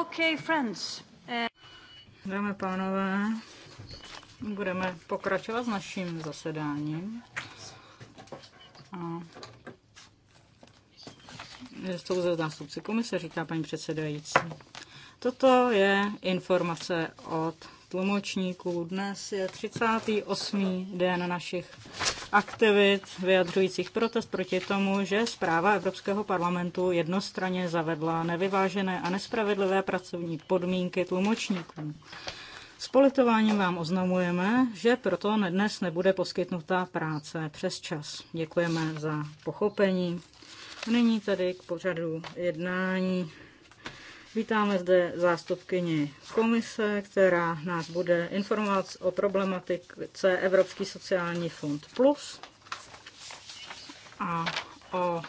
Okay, friends. Dámy a pánové, budeme pokračovat s naším zasedáním. A jsou zde zástupci komise, říká paní předsedající. Toto je informace od tlumočníků. Dnes je 38. den našich aktivit vyjadřujících protest proti tomu, že zpráva Evropského parlamentu jednostranně zavedla nevyvážené a nespravedlivé pracovní podmínky tlumočníkům. S politováním vám oznamujeme, že proto dnes nebude poskytnutá práce přes čas. Děkujeme za pochopení. Nyní tedy k pořadu jednání Vítáme zde zástupkyni komise, která nás bude informovat o problematice Evropský sociální fond Plus a o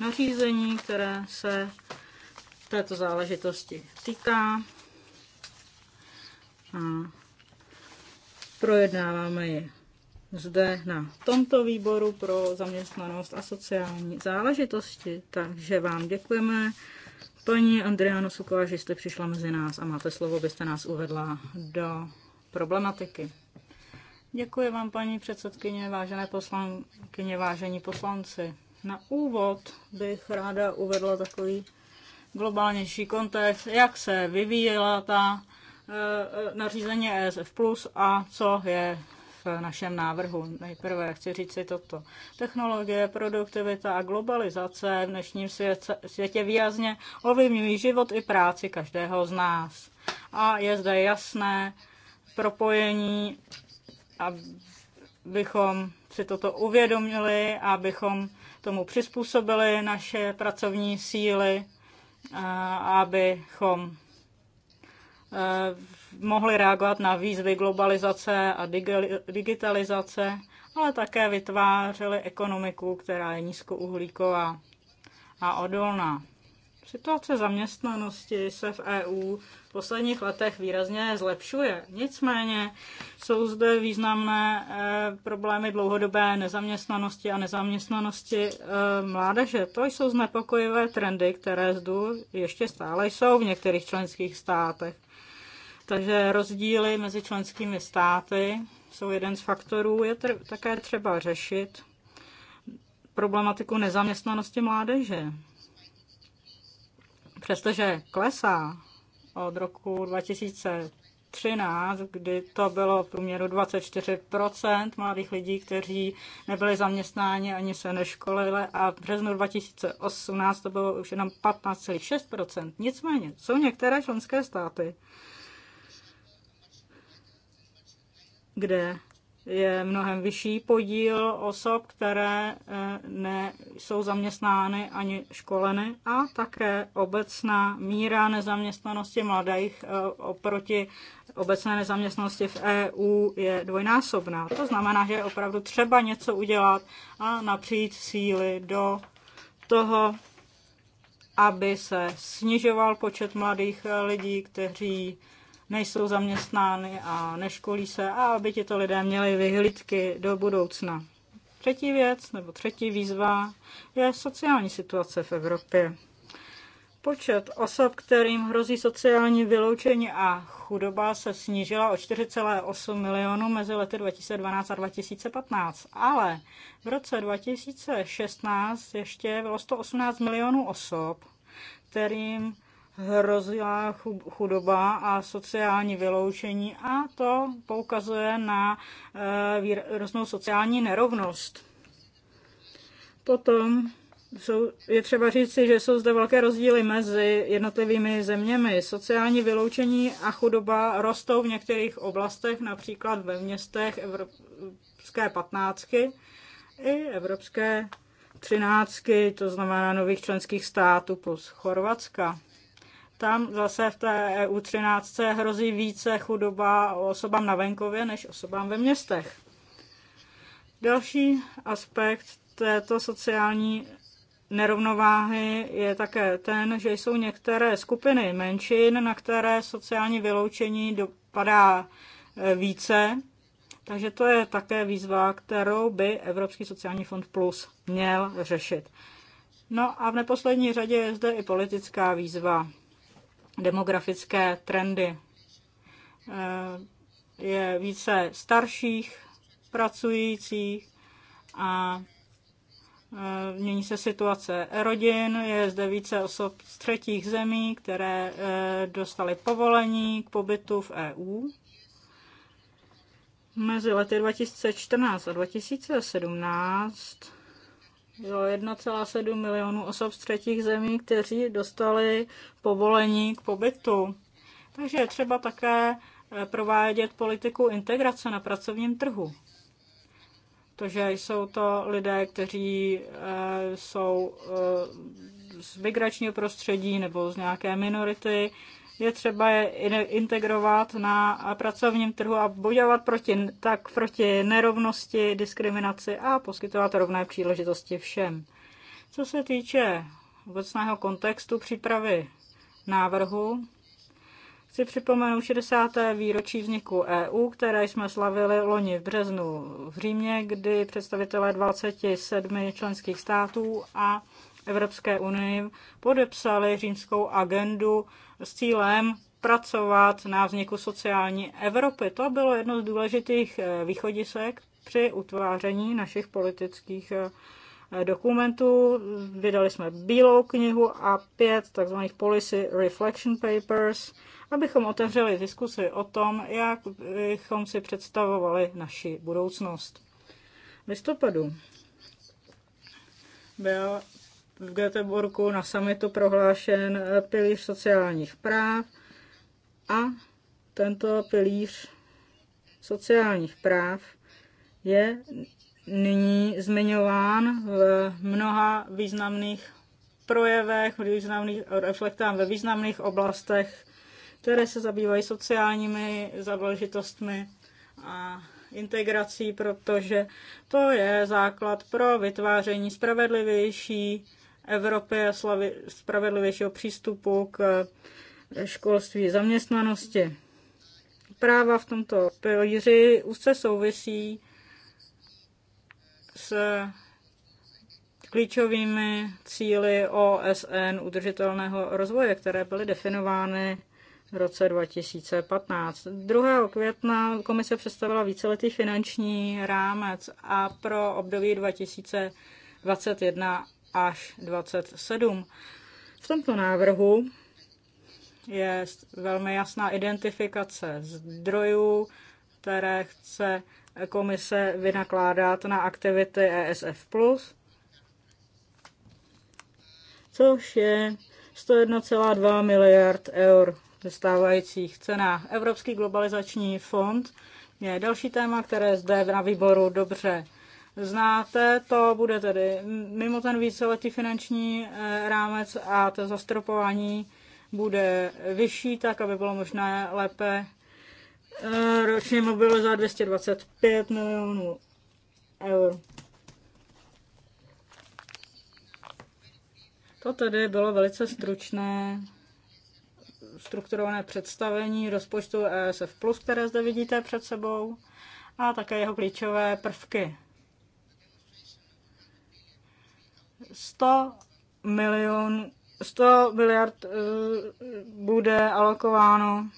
nařízení, které se této záležitosti týká. A projednáváme ji zde na tomto výboru pro zaměstnanost a sociální záležitosti. Takže vám děkujeme Paní Andriánu že jste přišla mezi nás a máte slovo, byste nás uvedla do problematiky. Děkuji vám, paní předsedkyně, vážené poslankyně, vážení poslanci. Na úvod bych ráda uvedla takový globálnější kontext, jak se vyvíjela ta eh, nařízení ESF+, a co je našem návrhu. Nejprve chci říct si toto. Technologie, produktivita a globalizace v dnešním světě, světě výrazně ovlivňují život i práci každého z nás. A je zde jasné propojení, abychom si toto uvědomili, abychom tomu přizpůsobili naše pracovní síly, abychom eh, mohli reagovat na výzvy globalizace a digitalizace, ale také vytvářeli ekonomiku, která je nízkouhlíková a odolná. Situace zaměstnanosti se v EU v posledních letech výrazně zlepšuje. Nicméně jsou zde významné eh, problémy dlouhodobé nezaměstnanosti a nezaměstnanosti eh, mládeže. To jsou znepokojivé trendy, které zdu ještě stále jsou v některých členských státech. Takže rozdíly mezi členskými státy jsou jeden z faktorů. Je tr- také třeba řešit problematiku nezaměstnanosti mládeže. Přestože klesá od roku 2013, kdy to bylo v průměru 24% mladých lidí, kteří nebyli zaměstnáni ani se neškolili a v březnu 2018 to bylo už jenom 15,6%. Nicméně jsou některé členské státy, kde je mnohem vyšší podíl osob, které eh, nejsou zaměstnány ani školeny a také obecná míra nezaměstnanosti mladých eh, oproti obecné nezaměstnanosti v EU je dvojnásobná. To znamená, že je opravdu třeba něco udělat a napřít síly do toho, aby se snižoval počet mladých eh, lidí, kteří nejsou zaměstnány a neškolí se a aby tito lidé měli vyhlídky do budoucna. Třetí věc nebo třetí výzva je sociální situace v Evropě. Počet osob, kterým hrozí sociální vyloučení a chudoba, se snížila o 4,8 milionů mezi lety 2012 a 2015, ale v roce 2016 ještě bylo 118 milionů osob, kterým hrozila chudoba a sociální vyloučení a to poukazuje na eh, výraznou sociální nerovnost. Potom jsou, je třeba říci, že jsou zde velké rozdíly mezi jednotlivými zeměmi. Sociální vyloučení a chudoba rostou v některých oblastech, například ve městech Evropské patnáctky i Evropské třináctky, to znamená nových členských států plus Chorvatska tam zase v té EU 13 hrozí více chudoba osobám na venkově než osobám ve městech. Další aspekt této sociální nerovnováhy je také ten, že jsou některé skupiny menšin, na které sociální vyloučení dopadá e, více. Takže to je také výzva, kterou by Evropský sociální fond Plus měl řešit. No a v neposlední řadě je zde i politická výzva demografické trendy. Eh, je více starších pracujících a eh, Mění se situace rodin, je zde více osob z třetích zemí, které eh, dostaly povolení k pobytu v EU. Mezi lety 2014 a 2017 Jo, 1,7 milionů osob z třetích zemí, kteří dostali povolení k pobytu. Takže je třeba také eh, provádět politiku integrace na pracovním trhu. Tože jsou to lidé, kteří eh, jsou eh, z migračního prostředí nebo z nějaké minority, je třeba je integrovat na pracovním trhu a bojovat proti, tak proti nerovnosti, diskriminaci a poskytovat rovné příležitosti všem. Co se týče obecného kontextu přípravy návrhu, chci připomenout 60. výročí vzniku EU, které jsme slavili loni v březnu v Římě, kdy představitelé 27 členských států a Evropské unii podepsali římskou agendu s cílem pracovat na vzniku sociální Evropy. To bylo jedno z důležitých eh, východisek při utváření našich politických eh, dokumentů. Vydali jsme bílou knihu a pět tzv. policy reflection papers, abychom otevřeli diskusy o tom, jak bychom si představovali naši budoucnost. V listopadu byl v Göteborgu na summitu prohlášen eh, pilíř sociálních práv a tento pilíř sociálních práv je nyní zmiňován v mnoha významných projevech, významných, reflektám ve významných oblastech, které se zabývají sociálními záležitostmi a integrací, protože to je základ pro vytváření spravedlivější Evropy a slavy, spravedlivějšího přístupu k eh, školství zaměstnanosti. Práva v tomto pilíři úzce souvisí s klíčovými cíly OSN udržitelného rozvoje, které byly definovány v roce 2015. 2. května komise představila víceletý finanční rámec a pro období 2021 až 27. V tomto návrhu je velmi jasná identifikace zdrojů, které chce komise vynakládat na aktivity ESF+, což je 101,2 miliard eur ve stávajících cenách. Evropský globalizační fond je další téma, které zde na výboru dobře znáte. To bude tedy mimo ten víceletý finanční eh, rámec a to zastropování bude vyšší, tak aby bylo možné lépe eh, ročně mobilizovat 225 milionů eur. To tedy bylo velice stručné strukturované představení rozpočtu ESF+, které zde vidíte před sebou, a také jeho klíčové prvky. 100 milionů 100 miliard eh, bude alokováno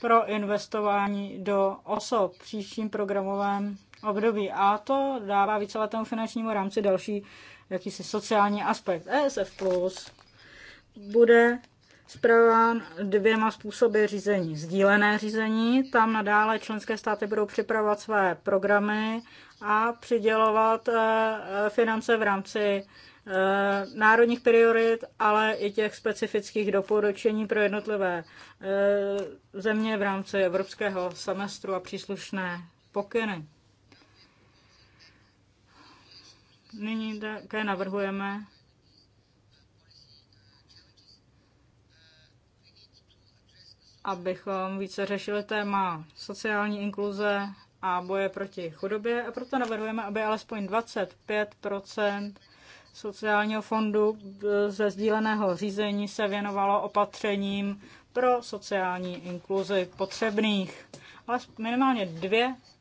pro investování do osob v příštím programovém období. A to dává víceletému finančnímu rámci další jakýsi sociální aspekt. ESF Plus bude zpravován dvěma způsoby řízení. Sdílené řízení, tam nadále členské státy budou připravovat své programy a přidělovat eh, finance v rámci eh, národních priorit, ale i těch specifických doporučení pro jednotlivé eh, země v rámci evropského semestru a příslušné pokyny. Nyní také navrhujeme abychom více řešili téma sociální inkluze a boje proti chudobě a proto navrhujeme, aby alespoň 25 sociálního fondu ze sdíleného řízení se věnovalo opatřením pro sociální inkluzi potřebných. Ale minimálně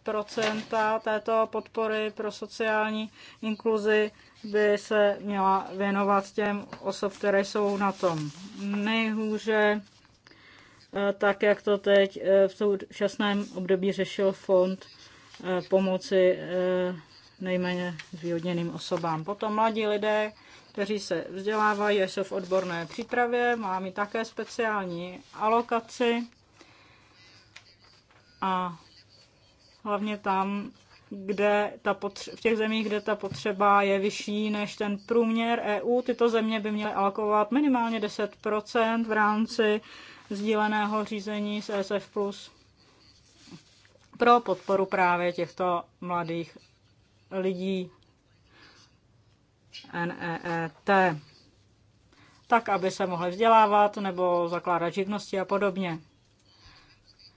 2% této podpory pro sociální inkluzi by se měla věnovat těm osob, které jsou na tom nejhůře, tak jak to teď eh, v současném období řešil fond eh, pomoci eh, nejméně zvýhodněným osobám. Potom mladí lidé, kteří se vzdělávají jsou v odborné přípravě, máme také speciální alokaci a hlavně tam, kde ta potře- v těch zemích, kde ta potřeba je vyšší než ten průměr EU, tyto země by měly alokovat minimálně 10% v rámci sdíleného řízení s SF+, pro podporu právě těchto mladých lidí NEET, tak aby se mohli vzdělávat nebo zakládat živnosti a podobně.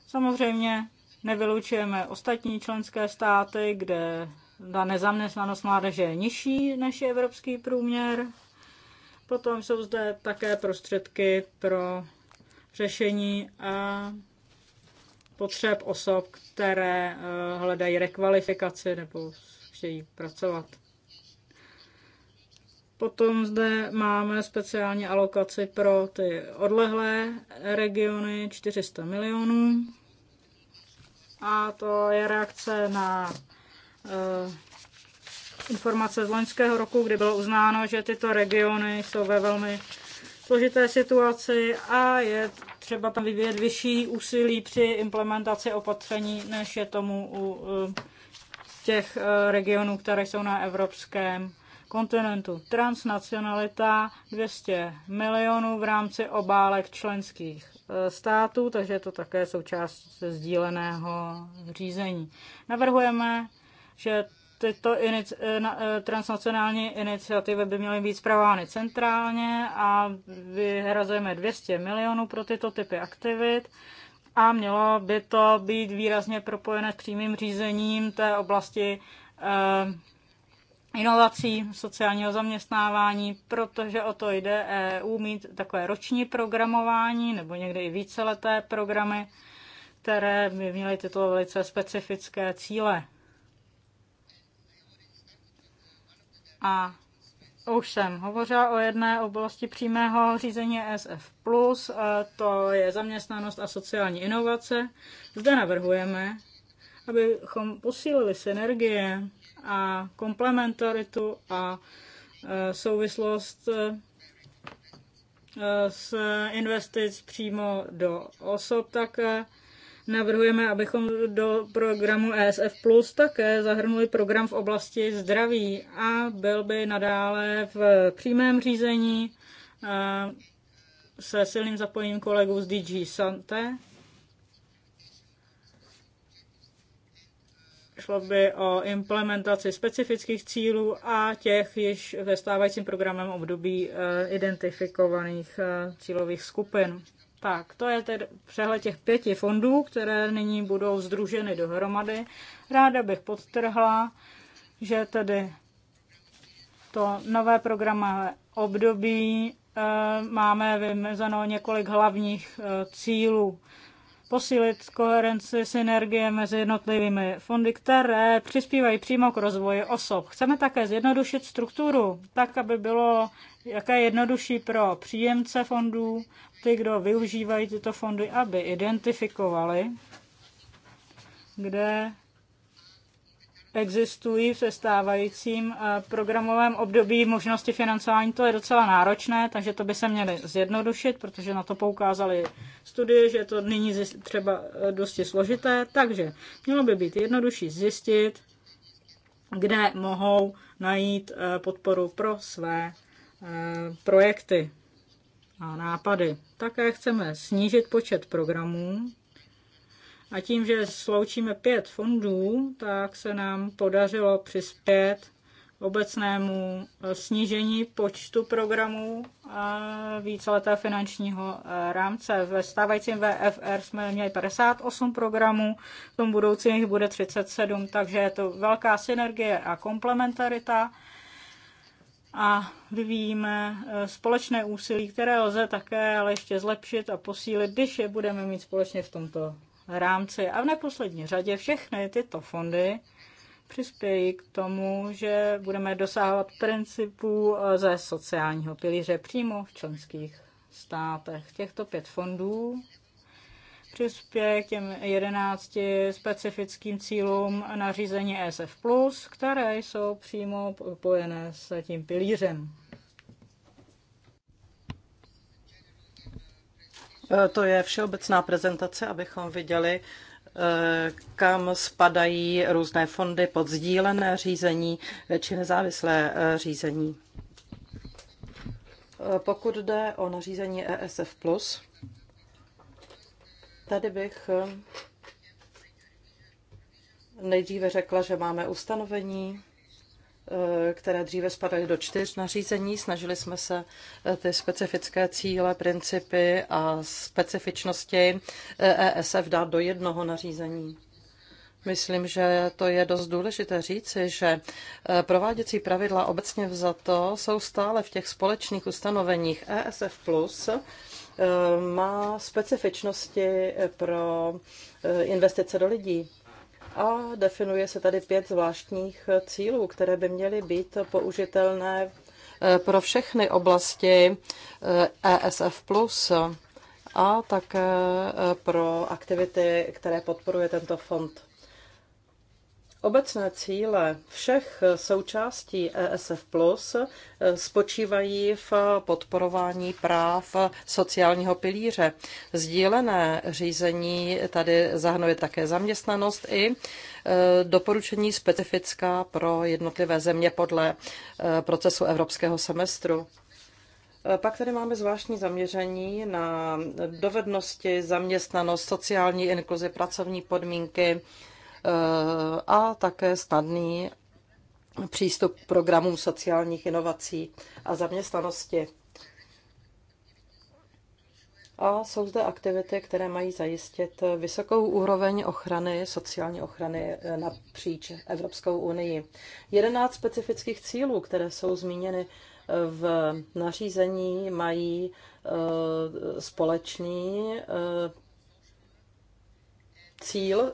Samozřejmě nevylučujeme ostatní členské státy, kde ta nezaměstnanost mládeže je nižší než je evropský průměr. Potom jsou zde také prostředky pro řešení a potřeb osob, které eh, hledají rekvalifikaci nebo chtějí pracovat. Potom zde máme speciální alokaci pro ty odlehlé regiony 400 milionů. A to je reakce na eh, informace z loňského roku, kdy bylo uznáno, že tyto regiony jsou ve velmi složité situaci a je třeba tam vyvíjet vyšší úsilí při implementaci opatření, než je tomu u eh, těch eh, regionů, které jsou na evropském kontinentu. Transnacionalita 200 milionů v rámci obálek členských eh, států, takže je to také součást sdíleného řízení. Navrhujeme, že tyto eh, na, eh, transnacionální iniciativy by měly být zpravovány centrálně a vyhrazujeme 200 milionů pro tyto typy aktivit a mělo by to být výrazně propojené s přímým řízením té oblasti eh, inovací, sociálního zaměstnávání, protože o to jde EU mít takové roční programování nebo někdy i víceleté programy, které by měly tyto velice specifické cíle. A už jsem hovořila o jedné oblasti přímého řízení SF+, to je zaměstnanost a sociální inovace. Zde navrhujeme, abychom posílili synergie a komplementaritu a e, souvislost e, e, s investic přímo do osob také Navrhujeme, abychom do programu ESF Plus také zahrnuli program v oblasti zdraví a byl by nadále v přímém řízení eh, se silným zapojením kolegů z DG Sante. Šlo by o implementaci specifických cílů a těch již ve stávajícím programem období eh, identifikovaných eh, cílových skupin. Tak, to je tedy přehled těch pěti fondů, které nyní budou združeny dohromady. Ráda bych podtrhla, že tedy to nové programové období eh, máme vymezeno několik hlavních eh, cílů posílit koherenci, synergie mezi jednotlivými fondy, které přispívají přímo k rozvoji osob. Chceme také zjednodušit strukturu, tak, aby bylo jaké jednodušší pro příjemce fondů, ty, kdo využívají tyto fondy, aby identifikovali, kde existují v stávajícím eh, programovém období možnosti financování, to je docela náročné, takže to by se měly zjednodušit, protože na to poukázali studie, že je to nyní třeba eh, dosti složité, takže mělo by být jednodušší zjistit, kde mohou najít eh, podporu pro své projekty a nápady. Také chceme snížit počet programů, a tím, že sloučíme pět fondů, tak se nám podařilo přispět obecnému eh, snížení počtu programů a víceleté finančního eh, rámce. Ve stávajícím VFR jsme měli 58 programů, v tom budoucím jich bude 37, takže je to velká synergie a komplementarita a vyvíjíme eh, společné úsilí, které lze také ale ještě zlepšit a posílit, když je budeme mít společně v tomto rámci. A v neposlední řadě všechny tyto fondy přispějí k tomu, že budeme dosahovat principů eh, ze sociálního pilíře přímo v členských státech. Těchto pět fondů přispěje k těm 11 specifickým cílům nařízení ESF+, které jsou přímo pojené s tím pilířem. E, to je všeobecná prezentace, abychom viděli, e, kam spadají různé fondy pod sdílené řízení e, či nezávislé řízení. Pokud jde o nařízení ESF+, tady bych nejdříve řekla, že máme ustanovení, Eh, které dříve spadaly do čtyř nařízení. Snažili jsme se eh, ty specifické cíle, principy a specifičnosti ESF eh, e dát do jednoho nařízení. Myslím, že to je dost důležité říci, že prováděcí pravidla obecně vzato jsou stále v těch společných ustanoveních ESF+, má specifičnosti pro investice do lidí. A definuje se tady pět zvláštních cílů, které by měly být použitelné eh, pro všechny oblasti ESF+, eh, e a také eh, pro aktivity, které podporuje tento fond. Obecné cíle všech součástí ESF Plus eh, spočívají v podporování práv sociálního pilíře. Sdílené řízení tady zahrnuje také zaměstnanost i eh, doporučení specifická pro jednotlivé země podle eh, procesu evropského semestru. Pak tady máme zvláštní zaměření na dovednosti, zaměstnanost, sociální inkluzi, pracovní podmínky, Eh, a také snadný přístup k programům sociálních inovací a zaměstnanosti. A jsou zde aktivity, které mají zajistit vysokou úroveň ochrany, sociální ochrany eh, napříč Evropskou unii. 11 specifických cílů, které jsou zmíněny eh, v nařízení, mají společný cíl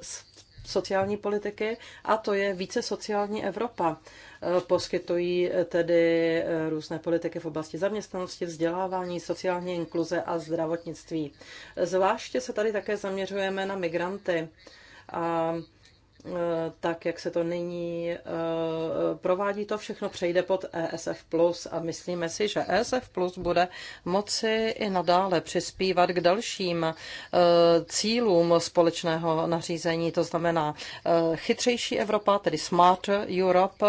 sociální politiky a to je více sociální Evropa. E, poskytují e, tedy e, různé politiky v oblasti zaměstnanosti, vzdělávání, sociální inkluze a zdravotnictví. Zvláště se tady také zaměřujeme na migranty. A Eh, tak, jak se to nyní eh, provádí, to všechno přejde pod ESF+. A myslíme si, že ESF+, Plus bude moci i nadále přispívat k dalším eh, cílům společného nařízení, to znamená chytřejší Evropa, tedy Smart Europe,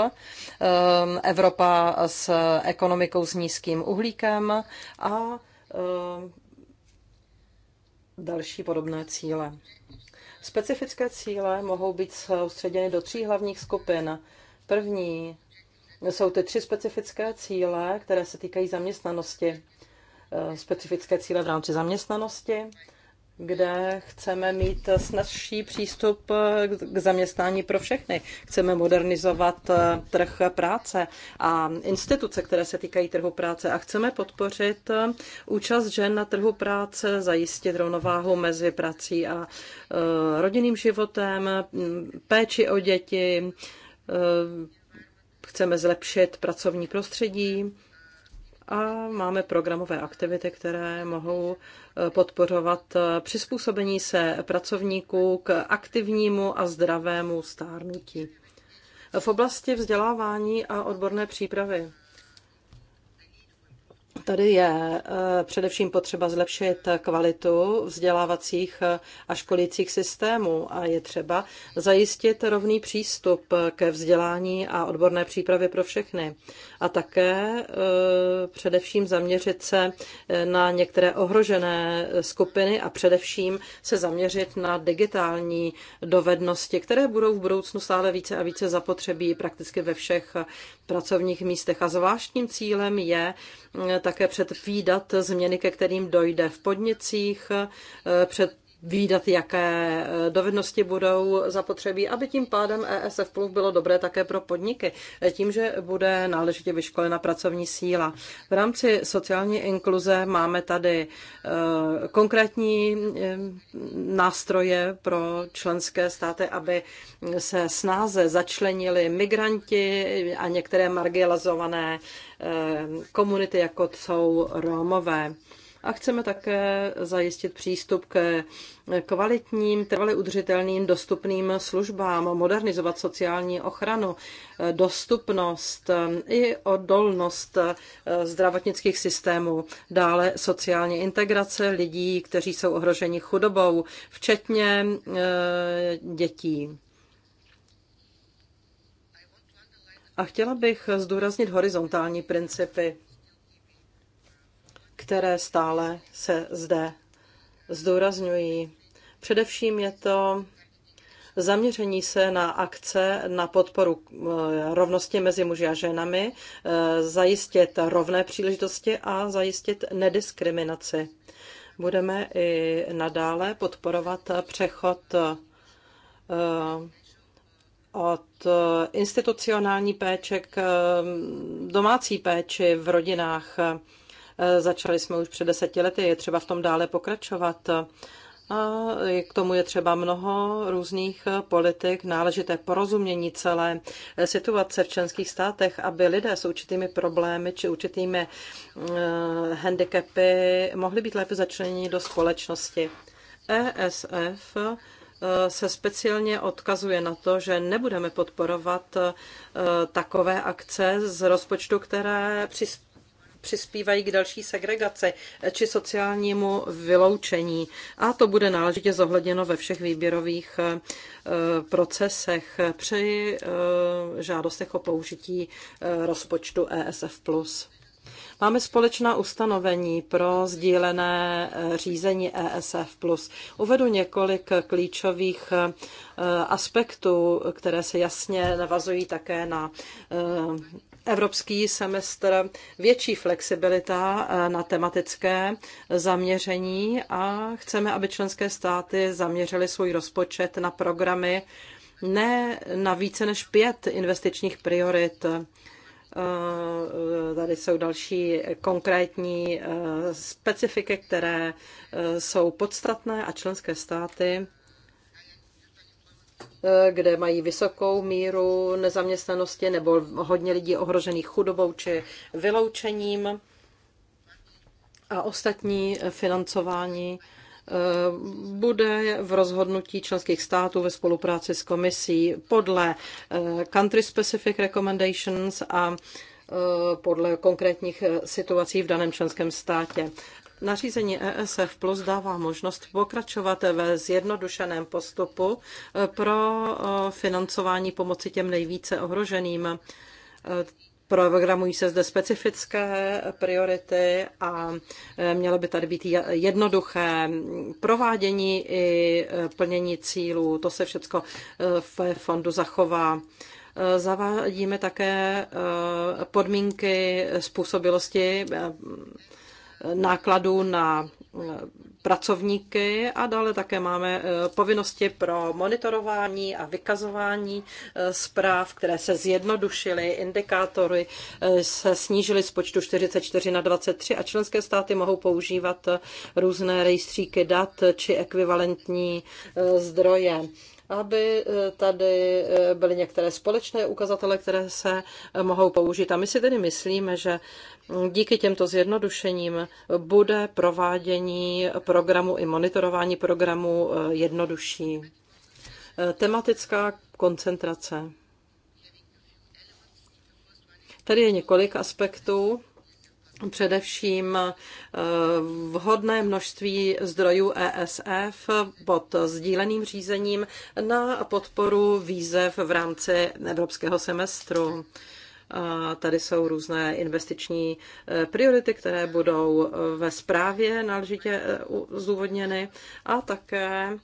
Evropa s ekonomikou s nízkým uhlíkem a další podobné cíle. Specifické cíle mohou být soustředěny do tří hlavních skupin. První jsou ty tři specifické cíle, které se týkají zaměstnanosti. Eh, specifické cíle v rámci zaměstnanosti, kde chceme mít snazší přístup k zaměstnání pro všechny. Chceme modernizovat eh, trh práce a instituce, které se týkají trhu práce a chceme podpořit eh, účast žen na trhu práce, zajistit rovnováhu mezi prací a eh, rodinným životem, mm, péči o děti, chceme zlepšit pracovní prostředí a máme programové aktivity, které mohou eh, podporovat eh, přizpůsobení se pracovníků k aktivnímu a zdravému stárnutí. V oblasti vzdělávání a odborné přípravy. Tady je eh, především potřeba zlepšit kvalitu vzdělávacích a školících systémů a je třeba zajistit rovný přístup ke vzdělání a odborné přípravě pro všechny a také eh, především zaměřit se eh, na některé ohrožené eh, skupiny a především se zaměřit na digitální dovednosti, které budou v budoucnu stále více a více zapotřebí prakticky ve všech pracovních místech. A zvláštním cílem je také předvídat změny, ke kterým dojde v podnicích, před výdat, jaké eh, dovednosti budou zapotřebí, aby tím pádem ESF Plus bylo dobré také pro podniky, eh, tím, že bude náležitě vyškolena pracovní síla. V rámci sociální inkluze máme tady eh, konkrétní nástroje pro členské státy, aby se snáze začlenili migranti a některé marginalizované komunity, jako jsou Rómové a chceme také zajistit přístup ke kvalitním, trvale udržitelným, dostupným službám, modernizovat sociální ochranu, dostupnost i odolnost zdravotnických systémů, dále sociální integrace lidí, kteří jsou ohroženi chudobou, včetně eh, dětí. A chtěla bych zdůraznit horizontální principy které stále se zde zdůrazňují. Především je to zaměření se na akce na podporu eh, rovnosti mezi muži a ženami, eh, zajistit rovné příležitosti a zajistit nediskriminaci. Budeme i nadále podporovat přechod eh, od institucionální péče k domácí péči v rodinách Eh, začali jsme už před deseti lety, je třeba v tom dále pokračovat. A k tomu je třeba mnoho různých eh, politik, náležité porozumění celé eh, situace v členských státech, aby lidé s určitými problémy či určitými handicapy mohli být lépe začleněni do společnosti. ESF se speciálně odkazuje na to, že nebudeme podporovat takové akce z rozpočtu, které přispívají přispívají k další segregaci či sociálnímu vyloučení. A to bude náležitě zohledněno ve všech výběrových eh, procesech při eh, žádostech o použití eh, rozpočtu ESF+. Máme společná ustanovení pro sdílené řízení ESF+. Uvedu několik klíčových aspektů, které se jasně navazují také na evropský semestr větší flexibilita eh, na tematické zaměření a chceme, aby členské státy zaměřily svůj rozpočet na programy ne na více než pět investičních priorit. Eh, tady jsou další konkrétní eh, specifiky, které jsou podstatné a členské státy Eh, kde mají vysokou míru nezaměstnanosti nebo hodně lidí ohrožených chudobou či vyloučením a ostatní financování eh, bude v rozhodnutí členských států ve spolupráci s komisí podle eh, country specific recommendations a podle konkrétních situací v daném členském státě. Nařízení ESF Plus dává možnost pokračovat ve zjednodušeném postupu eh, pro eh, financování pomoci těm nejvíce ohroženým. Eh, Programují se zde specifické priority a mělo by tady být jednoduché provádění i plnění cílů. To se všechno v fondu zachová. Zavádíme také podmínky způsobilosti nákladů na eh, pracovníky a dále také máme eh, povinnosti pro monitorování a vykazování eh, zpráv, které se zjednodušily, indikátory se snížily z počtu 44 na 23 a členské státy mohou používat různé rejstříky dat či ekvivalentní zdroje aby eh, tady eh, byly některé společné ukazatele, které se eh, mohou použít. A my si tedy myslíme, že mm, díky těmto zjednodušením bude provádění programu i monitorování programu jednodušší. Tematická koncentrace. Tady je několik aspektů především eh, vhodné množství zdrojů ESF pod sdíleným řízením na podporu výzev v rámci evropského semestru. A tady jsou různé investiční eh, priority, které budou eh, ve zprávě náležitě zúvodněny a také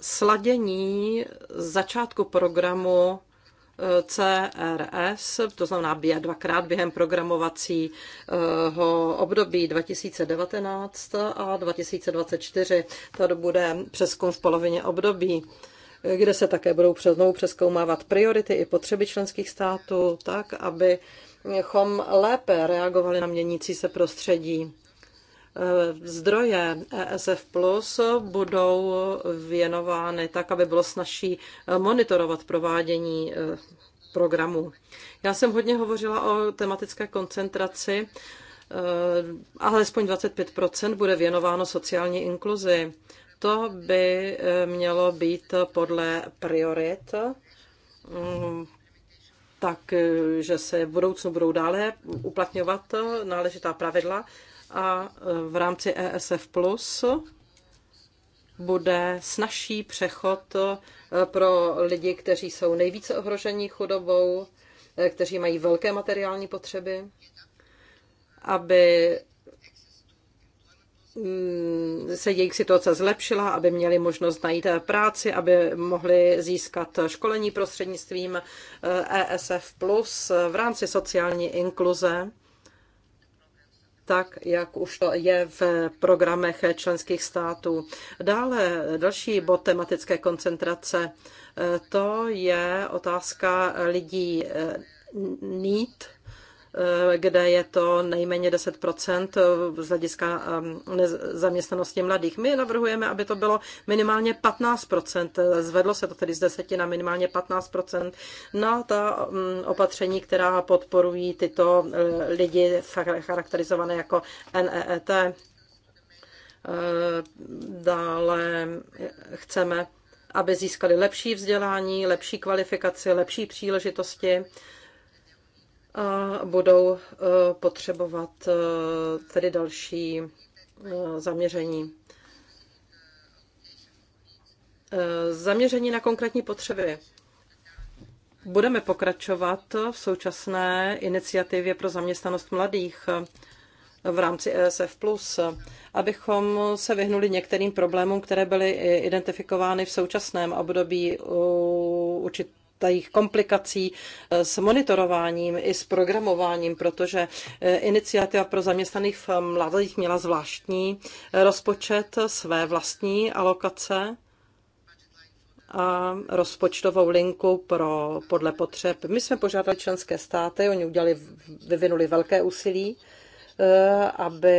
sladění začátku programu CRS, to znamená dvakrát během programovacího období 2019 a 2024. Tady bude přeskum v polovině období kde se také budou znovu přeskoumávat priority i potřeby členských států, tak, aby lépe reagovali na měnící se prostředí. Eh, zdroje ESF Plus budou věnovány tak, aby bylo snažší eh, monitorovat provádění eh, programu. Já jsem hodně hovořila o tematické koncentraci, alespoň 25 bude věnováno sociální inkluzi. To by mělo být podle priorit, mm, takže se v budoucnu budou dále uplatňovat náležitá pravidla a e, v rámci ESF Plus bude snažší přechod e, pro lidi, kteří jsou nejvíce ohroženi chudobou, e, kteří mají velké materiální potřeby, aby mm, se jejich situace zlepšila, aby měli možnost najít práci, aby mohli získat školení prostřednictvím ESF Plus v rámci sociální inkluze tak jak už to je v programech členských států. Dále další bod tematické koncentrace, to je otázka lidí need, Eh, kde je to nejméně 10 eh, z hlediska eh, zaměstnanosti mladých. My navrhujeme, aby to bylo minimálně 15 Zvedlo se to tedy z 10 na minimálně 15 na ta mm, opatření, která podporují tyto lidi charakterizované jako NEET. Dále chceme, aby získali lepší vzdělání, lepší kvalifikaci, lepší příležitosti a budou e, potřebovat e, tedy další e, zaměření. Zaměření na konkrétní potřeby. Budeme pokračovat v současné iniciativě pro zaměstnanost mladých v rámci ESF+, abychom se vyhnuli některým problémům, které byly identifikovány v současném období určitě těch komplikací eh, s monitorováním i s programováním, protože eh, iniciativa pro zaměstnaných v eh, mladých měla zvláštní rozpočet, své vlastní alokace a rozpočtovou linku pro podle potřeb. My jsme požádali členské státy, oni udělali, vyvinuli velké úsilí Eh, aby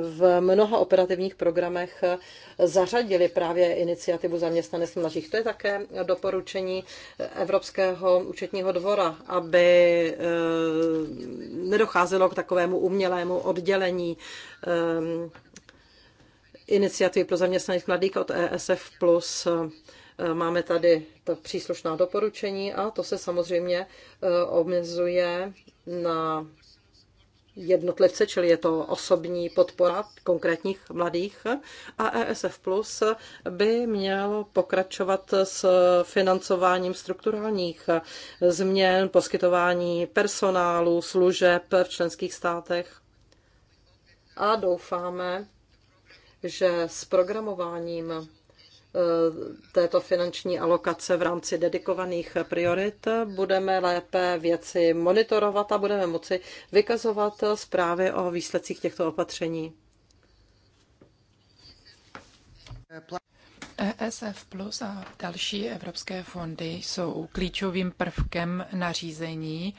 v mnoha operativních programech zařadili právě iniciativu zaměstnanost mladých. To je také doporučení Evropského účetního dvora, aby eh, nedocházelo k takovému umělému oddělení eh, iniciativy pro zaměstnaných mladých od ESF+. Máme tady to příslušná doporučení a to se samozřejmě omezuje na jednotlivce, čili je to osobní podpora konkrétních mladých a ESF Plus by měl pokračovat s financováním strukturálních změn, poskytování personálu, služeb v členských státech. A doufáme, že s programováním Eh, této finanční alokace v rámci dedikovaných priorit budeme lépe věci monitorovat a budeme moci vykazovat zprávy o výsledcích těchto opatření. ESF Plus a další evropské fondy jsou klíčovým prvkem nařízení,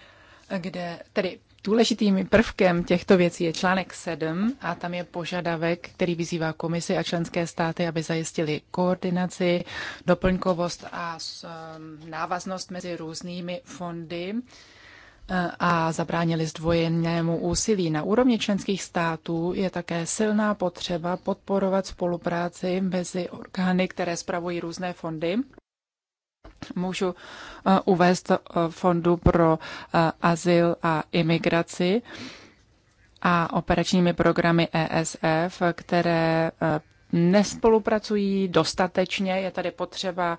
kde tedy Důležitým prvkem těchto věcí je článek 7 a tam je požadavek, který vyzývá komisi a členské státy, aby zajistili koordinaci, doplňkovost a eh, návaznost mezi různými fondy eh, a zabránili zdvojenému úsilí. Na úrovni členských států je také silná potřeba podporovat spolupráci mezi orgány, které spravují různé fondy můžu eh, uvést eh, Fondu pro eh, azyl a imigraci a operačními programy ESF, které nespolupracují dostatečně. Je tady potřeba,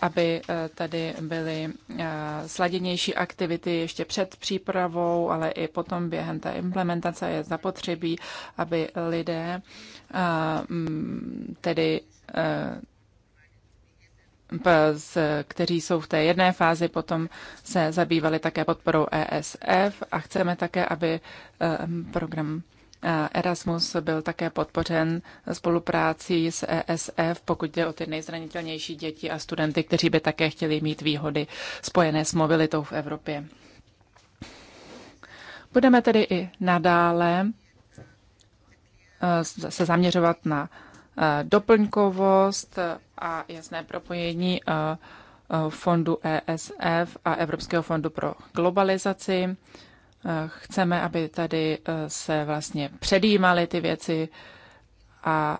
aby tady byly sladěnější aktivity ještě před přípravou, ale i potom během té implementace je zapotřebí, aby lidé tedy kteří jsou v té jedné fázi, potom se zabývali také podporou ESF a chceme také, aby eh, program eh, Erasmus byl také podpořen spoluprácí s ESF, pokud jde o ty nejzranitelnější děti a studenty, kteří by také chtěli mít výhody spojené s mobilitou v Evropě. Budeme tedy i nadále eh, se zaměřovat na Eh, doplňkovost a jasné propojení eh, eh, fondu ESF a Evropského fondu pro globalizaci. Chceme, aby tady se vlastně předjímaly ty věci a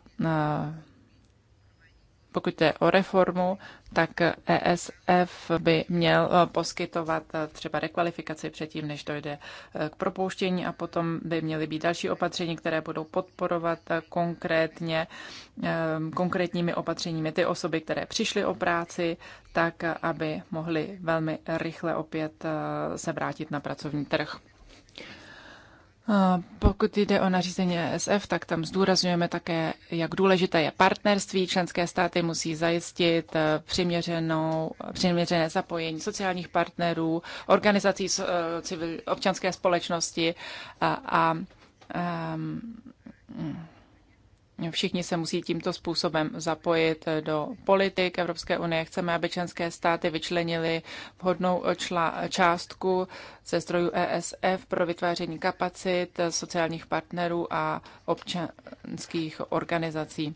pokud jde o reformu, tak ESF by měl eh, poskytovat eh, třeba rekvalifikaci předtím, než dojde eh, k propouštění a potom by měly být další opatření, které budou podporovat konkrétně, konkrétními opatřeními ty osoby, které přišly o práci, tak aby mohly velmi rychle opět se vrátit na pracovní trh. Pokud jde o nařízení ESF, tak tam zdůrazňujeme také, jak důležité je partnerství. Členské státy musí zajistit eh, přiměřenou, přiměřené zapojení sociálních partnerů, organizací eh, civil, občanské společnosti a, a, a ehm, Všichni se musí tímto způsobem zapojit do politik Evropské unie. Chceme, aby členské státy vyčlenili vhodnou čla, částku ze zdrojů ESF pro vytváření kapacit sociálních partnerů a občanských organizací.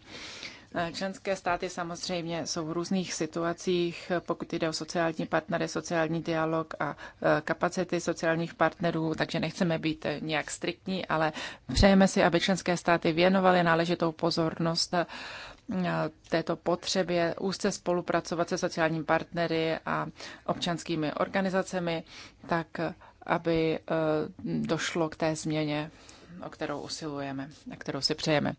Eh, členské státy samozřejmě jsou v různých situacích, eh, pokud jde o sociální partnery, sociální dialog a eh, kapacity sociálních partnerů, takže nechceme být nějak striktní, ale přejeme si, aby členské státy věnovaly náležitou pozornost této potřebě úzce spolupracovat se sociálními partnery a občanskými organizacemi, tak aby došlo k té změně, o kterou usilujeme a kterou si přejeme.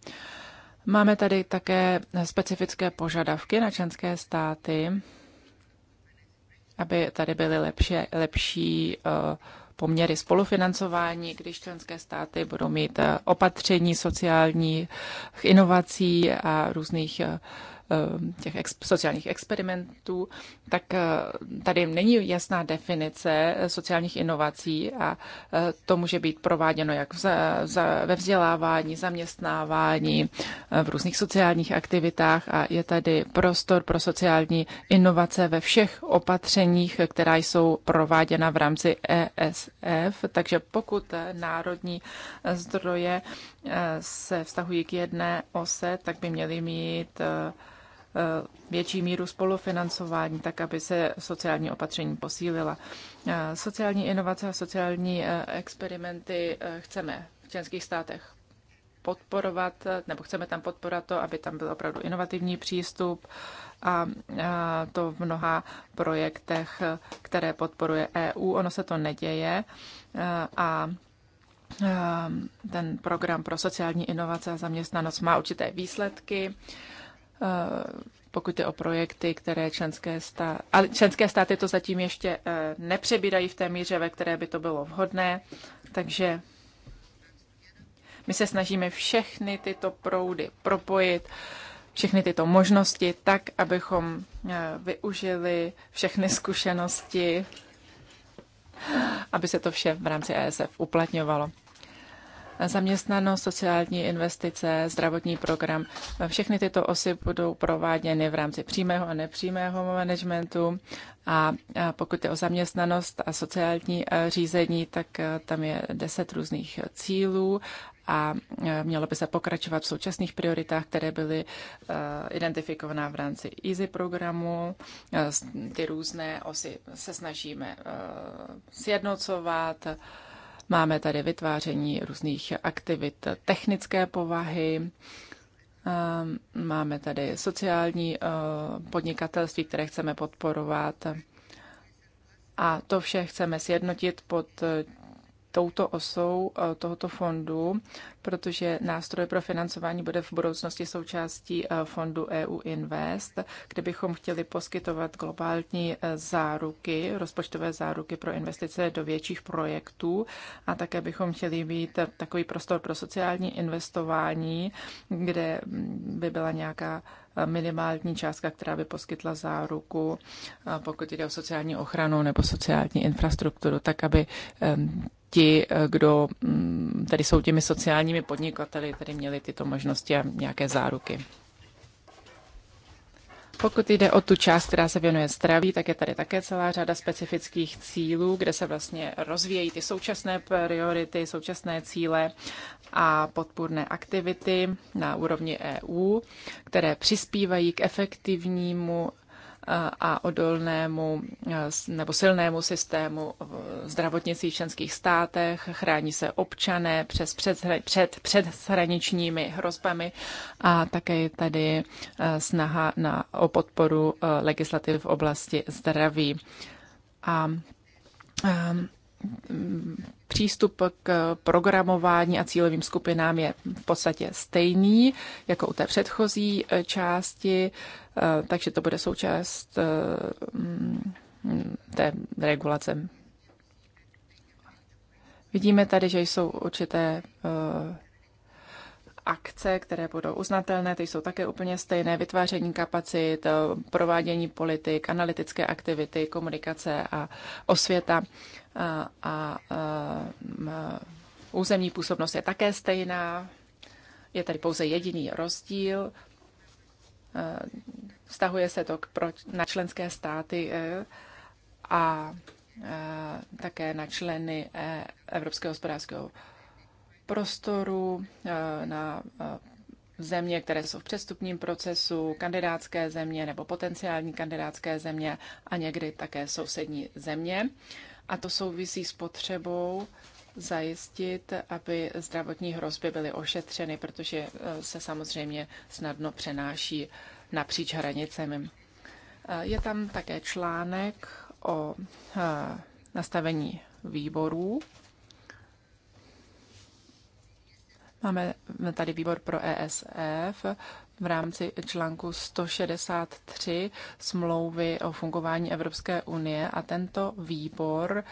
Máme tady také specifické požadavky na členské státy, aby tady byly lepší, lepší eh, poměry spolufinancování, když členské státy budou mít eh, opatření sociálních inovací a různých eh, Eh, těch ex- sociálních experimentů, tak eh, tady není jasná definice sociálních inovací a eh, to může být prováděno jak v, za, ve vzdělávání, zaměstnávání, v různých sociálních aktivitách a je tady prostor pro sociální inovace ve všech opatřeních, která jsou prováděna v rámci ESF. Takže pokud národní zdroje se vztahují k jedné ose, tak by měly mít Eh, větší míru spolufinancování, tak aby se sociální opatření posílila. Eh, sociální inovace a sociální eh, experimenty chceme v členských státech podporovat, nebo chceme tam podporovat to, aby tam byl opravdu inovativní přístup a to v mnoha projektech, které podporuje EU. Ono se to neděje a ten program pro sociální inovace a zaměstnanost má určité výsledky. Eh, pokud je o projekty, které členské státy, ale členské státy to zatím ještě eh, nepřebírají v té míře, ve které by to bylo vhodné, takže my se snažíme všechny tyto proudy propojit, všechny tyto možnosti, tak, abychom eh, využili všechny zkušenosti, aby se to vše v rámci ESF uplatňovalo zaměstnanost, sociální investice, zdravotní program. Všechny tyto osy budou prováděny v rámci přímého a nepřímého managementu a pokud je o zaměstnanost a sociální e, řízení, tak e, tam je deset různých cílů a e, mělo by se pokračovat v současných prioritách, které byly identifikovaná v rámci EASY programu. Ty různé osy se snažíme sjednocovat, Máme tady vytváření různých aktivit technické povahy, máme tady sociální eh, podnikatelství, které chceme podporovat. A to vše chceme sjednotit pod eh, touto osou eh, tohoto fondu, protože nástroj pro financování bude v budoucnosti součástí eh, fondu EU Invest, kde bychom chtěli poskytovat globální eh, záruky, rozpočtové záruky pro investice do větších projektů a také bychom chtěli být eh, takový prostor pro sociální investování, kde mm, by byla nějaká minimální částka, která by poskytla záruku, pokud jde o sociální ochranu nebo sociální infrastrukturu, tak aby ti, kdo mm, tady jsou těmi sociálními malými podnikateli tedy měli tyto možnosti a nějaké záruky. Pokud jde o tu část, která se věnuje zdraví, tak je tady také celá řada specifických cílů, kde se vlastně rozvíjejí ty současné priority, současné cíle a podpůrné aktivity na úrovni EU, které přispívají k efektivnímu a odolnému eh, nebo silnému systému eh, zdravotnictví v členských státech, chrání se občané přes před, před, předhraničními hrozbami a také je tady eh, snaha na, o podporu legislativ v oblasti zdraví. A, a ehm, přístup k programování a cílovým skupinám je v podstatě stejný jako u té předchozí eh, části, eh, takže to bude součást eh, mm, té regulace. Vidíme tady, že jsou určité akce, které budou uznatelné, ty jsou také úplně stejné, vytváření kapacit, eh, provádění politik, analytické aktivity, komunikace a osvěta eh, a, a, eh, a územní působnost je také stejná, je tady pouze jediný rozdíl, vztahuje se to k pro, na členské státy a také na členy Evropského hospodářského prostoru eh, na eh, země, které jsou v přestupním procesu, kandidátské země nebo potenciální kandidátské země a někdy také sousední země. A to souvisí s potřebou zajistit, aby zdravotní hrozby byly ošetřeny, protože eh, se samozřejmě snadno přenáší napříč hranicemi. Je tam také článek o nastavení výborů Máme tady výbor pro ESF v rámci článku 163 smlouvy o fungování Evropské unie a tento výbor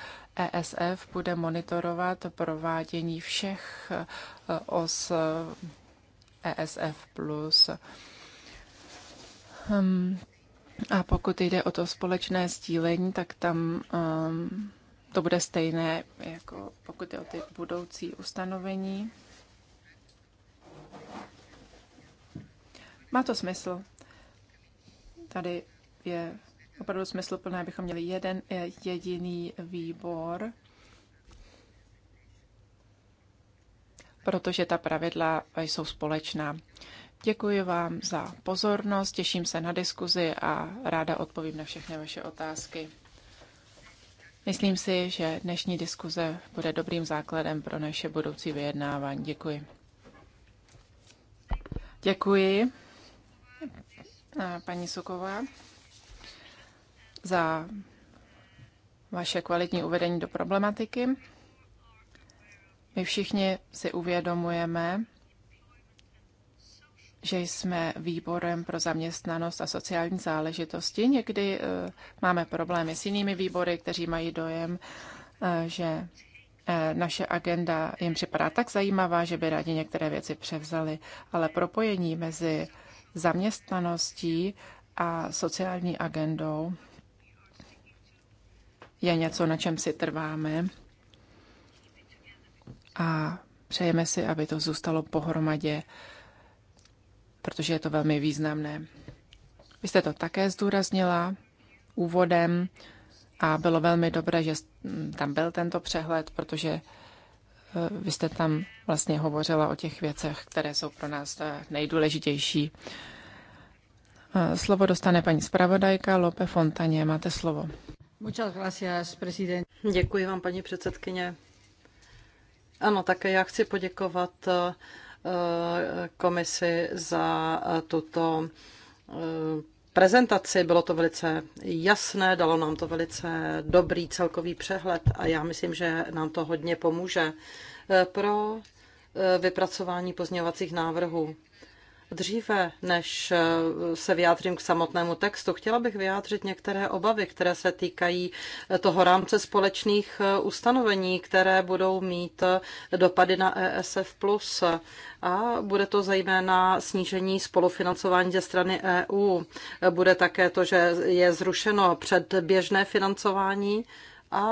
ESF bude monitorovat provádění všech eh, os ESF+. Eh, e hm, a pokud jde o to společné stílení, tak tam ehm, to bude stejné, jako pokud je o ty budoucí ustanovení. Má to smysl. Tady je opravdu smysluplné, abychom měli jeden eh, jediný výbor, protože ta pravidla jsou společná. Děkuji vám za pozornost, těším se na diskuzi a ráda odpovím na všechny vaše otázky. Myslím si, že dnešní diskuze bude dobrým základem pro naše budoucí vyjednávání. Děkuji. Děkuji. Eh, paní Suková, za vaše kvalitní uvedení do problematiky. My všichni si uvědomujeme, že jsme výborem pro zaměstnanost a sociální záležitosti. Někdy eh, máme problémy s jinými výbory, kteří mají dojem, eh, že naše agenda jim připadá tak zajímavá, že by rádi některé věci převzali, ale propojení mezi zaměstnaností a sociální agendou je něco, na čem si trváme a přejeme si, aby to zůstalo pohromadě, protože je to velmi významné. Vy jste to také zdůraznila úvodem a bylo velmi dobré, že tam byl tento přehled, protože Eh, vy jste tam vlastně hovořila o těch věcech, které jsou pro nás eh, nejdůležitější. Eh, slovo dostane paní zpravodajka Lope Fontaně. Máte slovo. Děkuji vám, paní předsedkyně. Ano, také já chci poděkovat komisi za tuto prezentaci, bylo to velice jasné, dalo nám to velice dobrý celkový přehled a já myslím, že nám to hodně pomůže e, pro e, vypracování pozměňovacích návrhů. Dříve, než eh, se vyjádřím k samotnému textu, chtěla bych vyjádřit některé obavy, které se týkají eh, toho rámce společných eh, ustanovení, které budou mít dopady na ESF+. A bude to zejména snížení spolufinancování ze strany EU. Bude také to, že je zrušeno předběžné financování a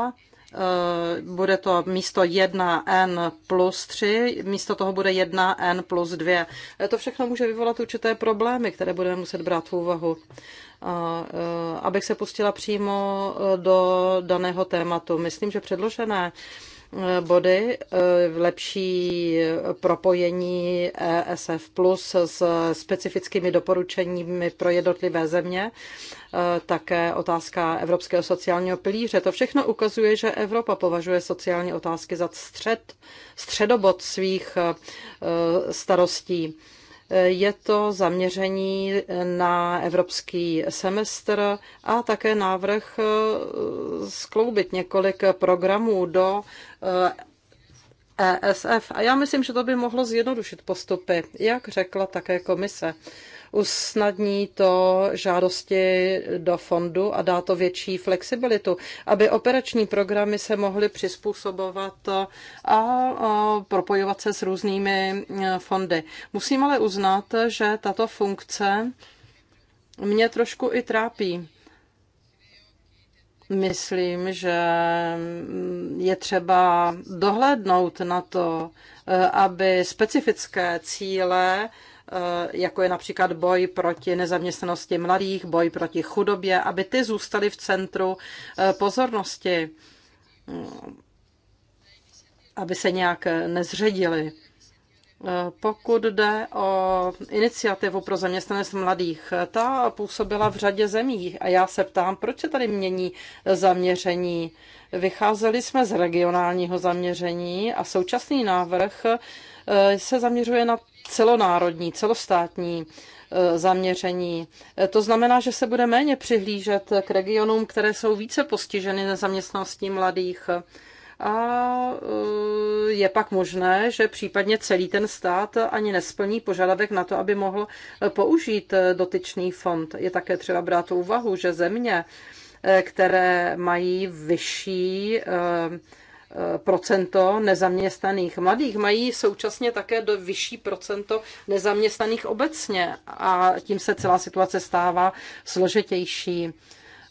Eh, bude to místo 1n plus 3, místo toho bude 1n plus 2. Eh, to všechno může vyvolat určité problémy, které budeme muset brát v úvahu. A, eh, abych se pustila přímo do daného tématu. Myslím, že předložené body, eh, lepší propojení ESF Plus s specifickými doporučeními pro jednotlivé země, eh, také otázka Evropského sociálního pilíře. To všechno ukazuje, že Evropa považuje sociální otázky za střed, středobod svých eh, starostí. Je to zaměření na evropský semestr a také návrh eh, skloubit několik programů do ESF. Eh, e a já myslím, že to by mohlo zjednodušit postupy, jak řekla také komise usnadní to žádosti do fondu a dá to větší flexibilitu, aby operační programy se mohly přizpůsobovat a propojovat se s různými e, fondy. Musím ale uznat, že tato funkce mě trošku i trápí. Myslím, že je třeba dohlédnout na to, e, aby specifické cíle Eh, jako je například boj proti nezaměstnanosti mladých, boj proti chudobě, aby ty zůstaly v centru eh, pozornosti, mm, aby se nějak nezředily. Eh, pokud jde o iniciativu pro zaměstnanost mladých, ta působila v řadě zemí a já se ptám, proč se tady mění zaměření. Vycházeli jsme z regionálního zaměření a současný návrh Eh, se zaměřuje na celonárodní, celostátní eh, zaměření. Eh, to znamená, že se bude méně přihlížet k regionům, které jsou více postiženy nezaměstnaností mladých. A je pak možné, že případně celý ten stát ani nesplní požadavek na to, aby mohl použít dotyčný fond. Je také třeba brát úvahu, že země, které mají vyšší procento nezaměstnaných mladých mají současně také do vyšší procento nezaměstnaných obecně a tím se celá situace stává složitější.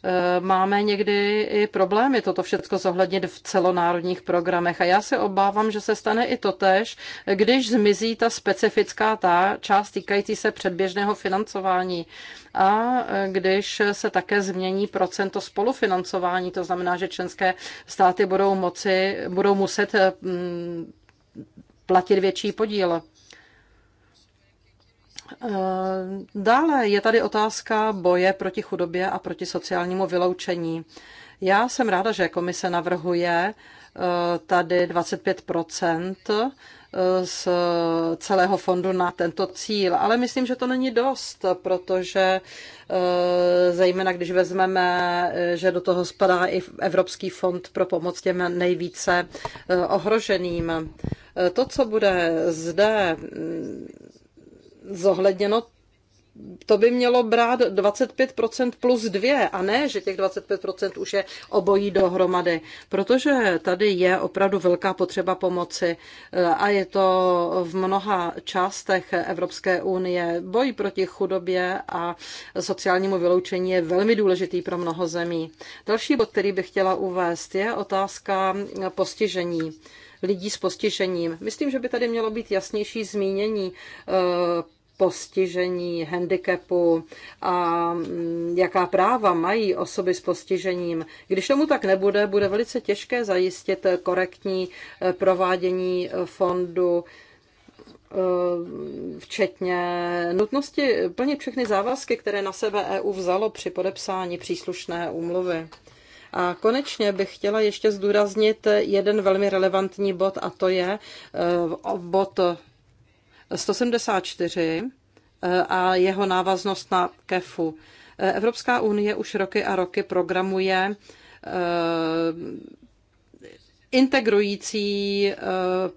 Eh, máme někdy i problémy toto všechno zohlednit v celonárodních programech. A já se obávám, že se stane i totež, když zmizí ta specifická ta část týkající se předběžného financování a eh, když se také změní procento spolufinancování, to znamená, že členské státy budou moci, budou muset hm, platit větší podíl. Eh, dále je tady otázka boje proti chudobě a proti sociálnímu vyloučení. Já jsem ráda, že komise navrhuje eh, tady 25 eh, z celého fondu na tento cíl. Ale myslím, že to není dost, protože zejména když vezmeme, že do toho spadá i Evropský fond pro pomoc těm nejvíce ohroženým. To, co bude zde mm, zohledněno to by mělo brát 25% plus 2 a ne, že těch 25% už je obojí dohromady, protože tady je opravdu velká potřeba pomoci eh, a je to v mnoha částech Evropské unie. Boj proti chudobě a sociálnímu vyloučení je velmi důležitý pro mnoho zemí. Další bod, který bych chtěla uvést, je otázka postižení lidí s postižením. Myslím, že by tady mělo být jasnější zmínění eh, postižení, handicapu a mm, jaká práva mají osoby s postižením. Když tomu tak nebude, bude velice těžké zajistit korektní eh, provádění eh, fondu eh, včetně nutnosti plnit všechny závazky, které na sebe EU vzalo při podepsání příslušné úmluvy. A konečně bych chtěla ještě zdůraznit jeden velmi relevantní bod, a to je bod 174 eh, a jeho návaznost na KEFu. Eh, Evropská unie už roky a roky programuje eh, integrující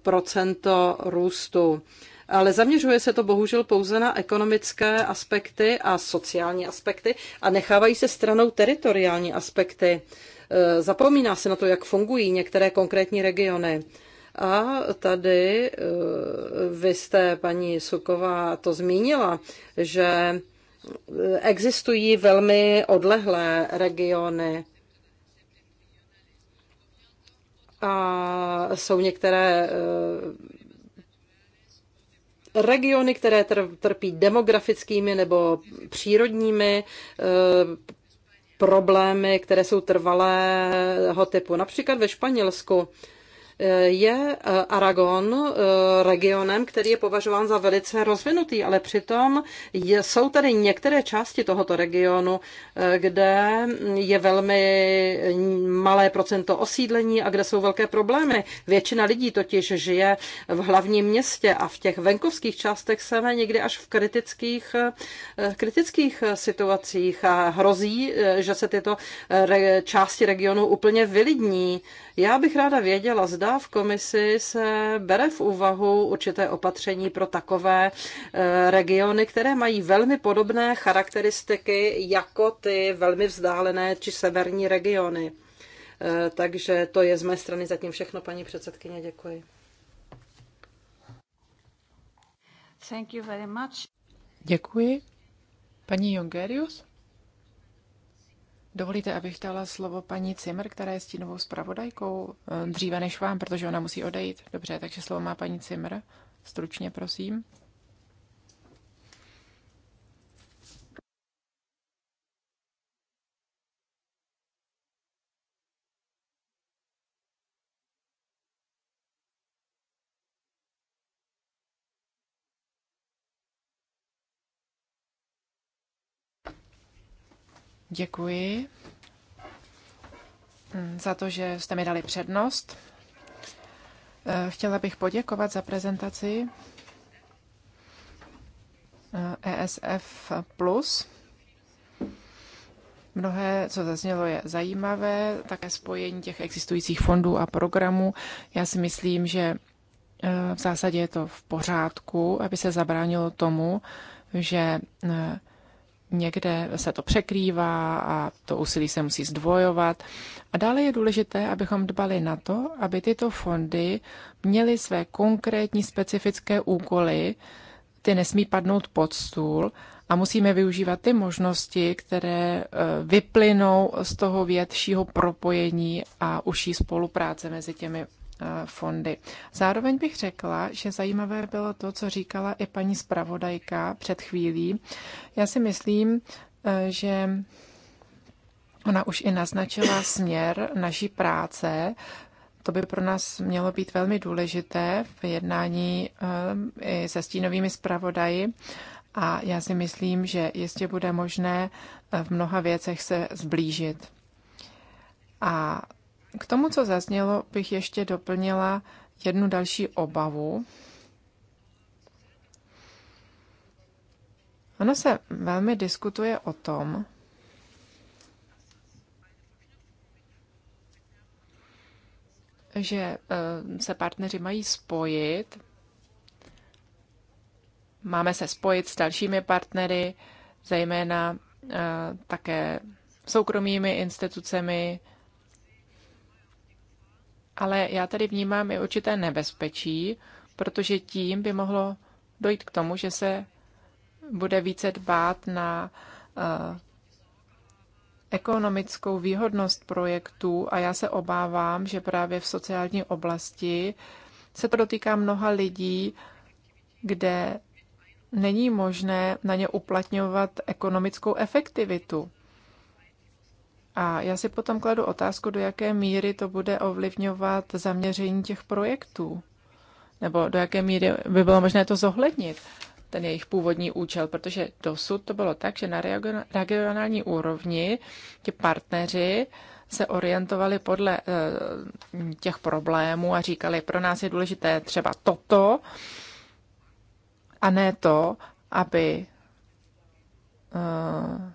procento růstu. Ale zaměřuje se to bohužel pouze na ekonomické aspekty a sociální aspekty a nechávají se stranou teritoriální aspekty. Zapomíná se na to, jak fungují některé konkrétní regiony. A tady eh, vy jste, paní Suková, to zmínila, že existují velmi odlehlé regiony. A jsou některé eh, regiony, které trpí demografickými nebo přírodními eh, problémy, které jsou trvalého typu. Například ve Španělsku je eh, Aragon eh, regionem, který je považován za velice rozvinutý, ale přitom jsou tady některé části tohoto regionu, eh, kde je velmi malé procento osídlení a kde jsou velké problémy. Většina lidí totiž žije v hlavním městě a v těch venkovských částech ve někdy až v kritických, kritických situacích a hrozí, že se tyto části regionu úplně vylidní. Já bych ráda věděla, zda zda v komisi se bere v úvahu určité opatření pro takové eh, regiony, které mají velmi podobné charakteristiky jako ty velmi vzdálené či severní regiony. Eh, takže to je z mé strany zatím všechno, paní předsedkyně, děkuji. Thank you very much. Děkuji. Paní Jongerius? Dovolíte, abych dala slovo paní Cimr, která je stínovou zpravodajkou eh, dříve než vám, protože ona musí odejít. Dobře, takže slovo má paní Cimr. Stručně, prosím. Děkuji mm, za to, že jste mi dali přednost. Eh, chtěla bych poděkovat za prezentaci ESF+. Eh, e plus. Mnohé, co zaznělo, je zajímavé, také spojení těch existujících fondů a programů. Já si myslím, že eh, v zásadě je to v pořádku, aby se zabránilo tomu, že někde se to překrývá a to úsilí se musí zdvojovat. A dále je důležité, abychom dbali na to, aby tyto fondy měly své konkrétní specifické úkoly, ty nesmí padnout pod stůl a musíme využívat ty možnosti, které e, vyplynou z toho většího propojení a užší spolupráce mezi těmi Eh, fondy. Zároveň bych řekla, že zajímavé bylo to, co říkala i paní zpravodajka před chvílí. Já si myslím, eh, že ona už i naznačila směr naší práce. To by pro nás mělo být velmi důležité v jednání eh, i se stínovými zpravodaji. A já si myslím, že jistě bude možné v mnoha věcech se zblížit. A k tomu, co zaznělo, bych ještě doplnila jednu další obavu. Ono se velmi diskutuje o tom, že eh, se partneři mají spojit, máme se spojit s dalšími partnery, zejména eh, také soukromými institucemi, ale já tady vnímám i určité nebezpečí, protože tím by mohlo dojít k tomu, že se bude více dbát na uh, ekonomickou výhodnost projektů a já se obávám, že právě v sociální oblasti se to dotýká mnoha lidí, kde není možné na ně uplatňovat ekonomickou efektivitu. A já si potom kladu otázku, do jaké míry to bude ovlivňovat zaměření těch projektů, nebo do jaké míry by bylo možné to zohlednit, ten jejich původní účel, protože dosud to bylo tak, že na regionální úrovni ti partneři se orientovali podle eh, těch problémů a říkali, pro nás je důležité třeba toto a ne to, aby eh,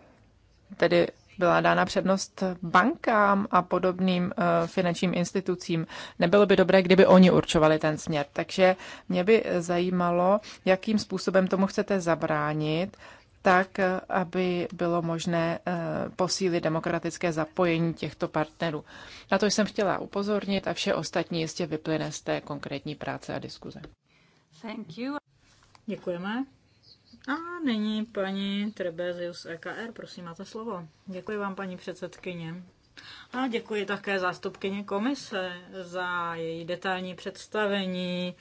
tedy byla dána přednost bankám a podobným eh, finančním institucím. Nebylo by dobré, kdyby oni určovali ten směr. Takže mě by zajímalo, jakým způsobem tomu chcete zabránit, tak, eh, aby bylo možné eh, posílit demokratické zapojení těchto partnerů. Na to jsem chtěla upozornit a vše ostatní jistě vyplyne z té konkrétní práce a diskuze. Thank you. Děkujeme. A nyní paní Trebezius EKR, prosím, máte slovo. Děkuji vám, paní předsedkyně. A děkuji také zástupkyně komise za její detailní představení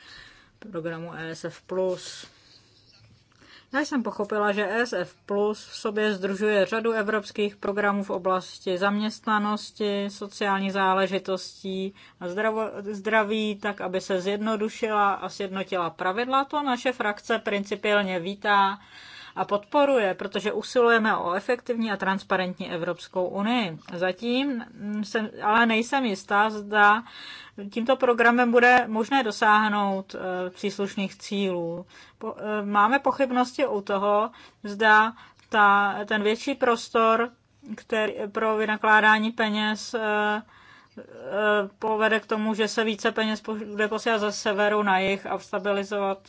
programu ESF+. Já jsem pochopila, že ESF Plus v sobě združuje řadu evropských programů v oblasti zaměstnanosti, sociální záležitostí a zdravo, zdraví, tak aby se zjednodušila a sjednotila pravidla. To naše frakce principiálně vítá a podporuje, protože usilujeme o efektivní a transparentní Evropskou unii. Zatím jsem, ale nejsem jistá, zda tímto programem bude možné dosáhnout eh, příslušných cílů. Eh, máme pochybnosti o toho, zda ta, ten větší prostor který, pro vynakládání peněz eh, povede k tomu, že se více peněz bude posílat ze severu na jih a stabilizovat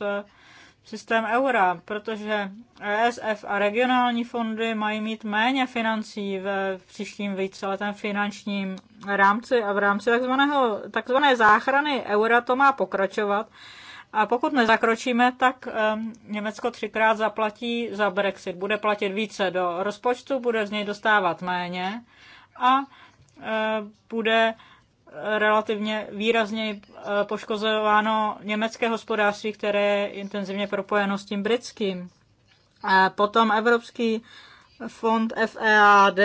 systém eura, protože ESF a regionální fondy mají mít méně financí v příštím víceletém finančním rámci a v rámci takzvaného, takzvané záchrany eura to má pokračovat. A pokud nezakročíme, tak Německo třikrát zaplatí za Brexit. Bude platit více do rozpočtu, bude z něj dostávat méně a bude relativně výrazně eh, poškozováno německé hospodářství, které je intenzivně propojeno s tím britským. A potom Evropský fond FEAD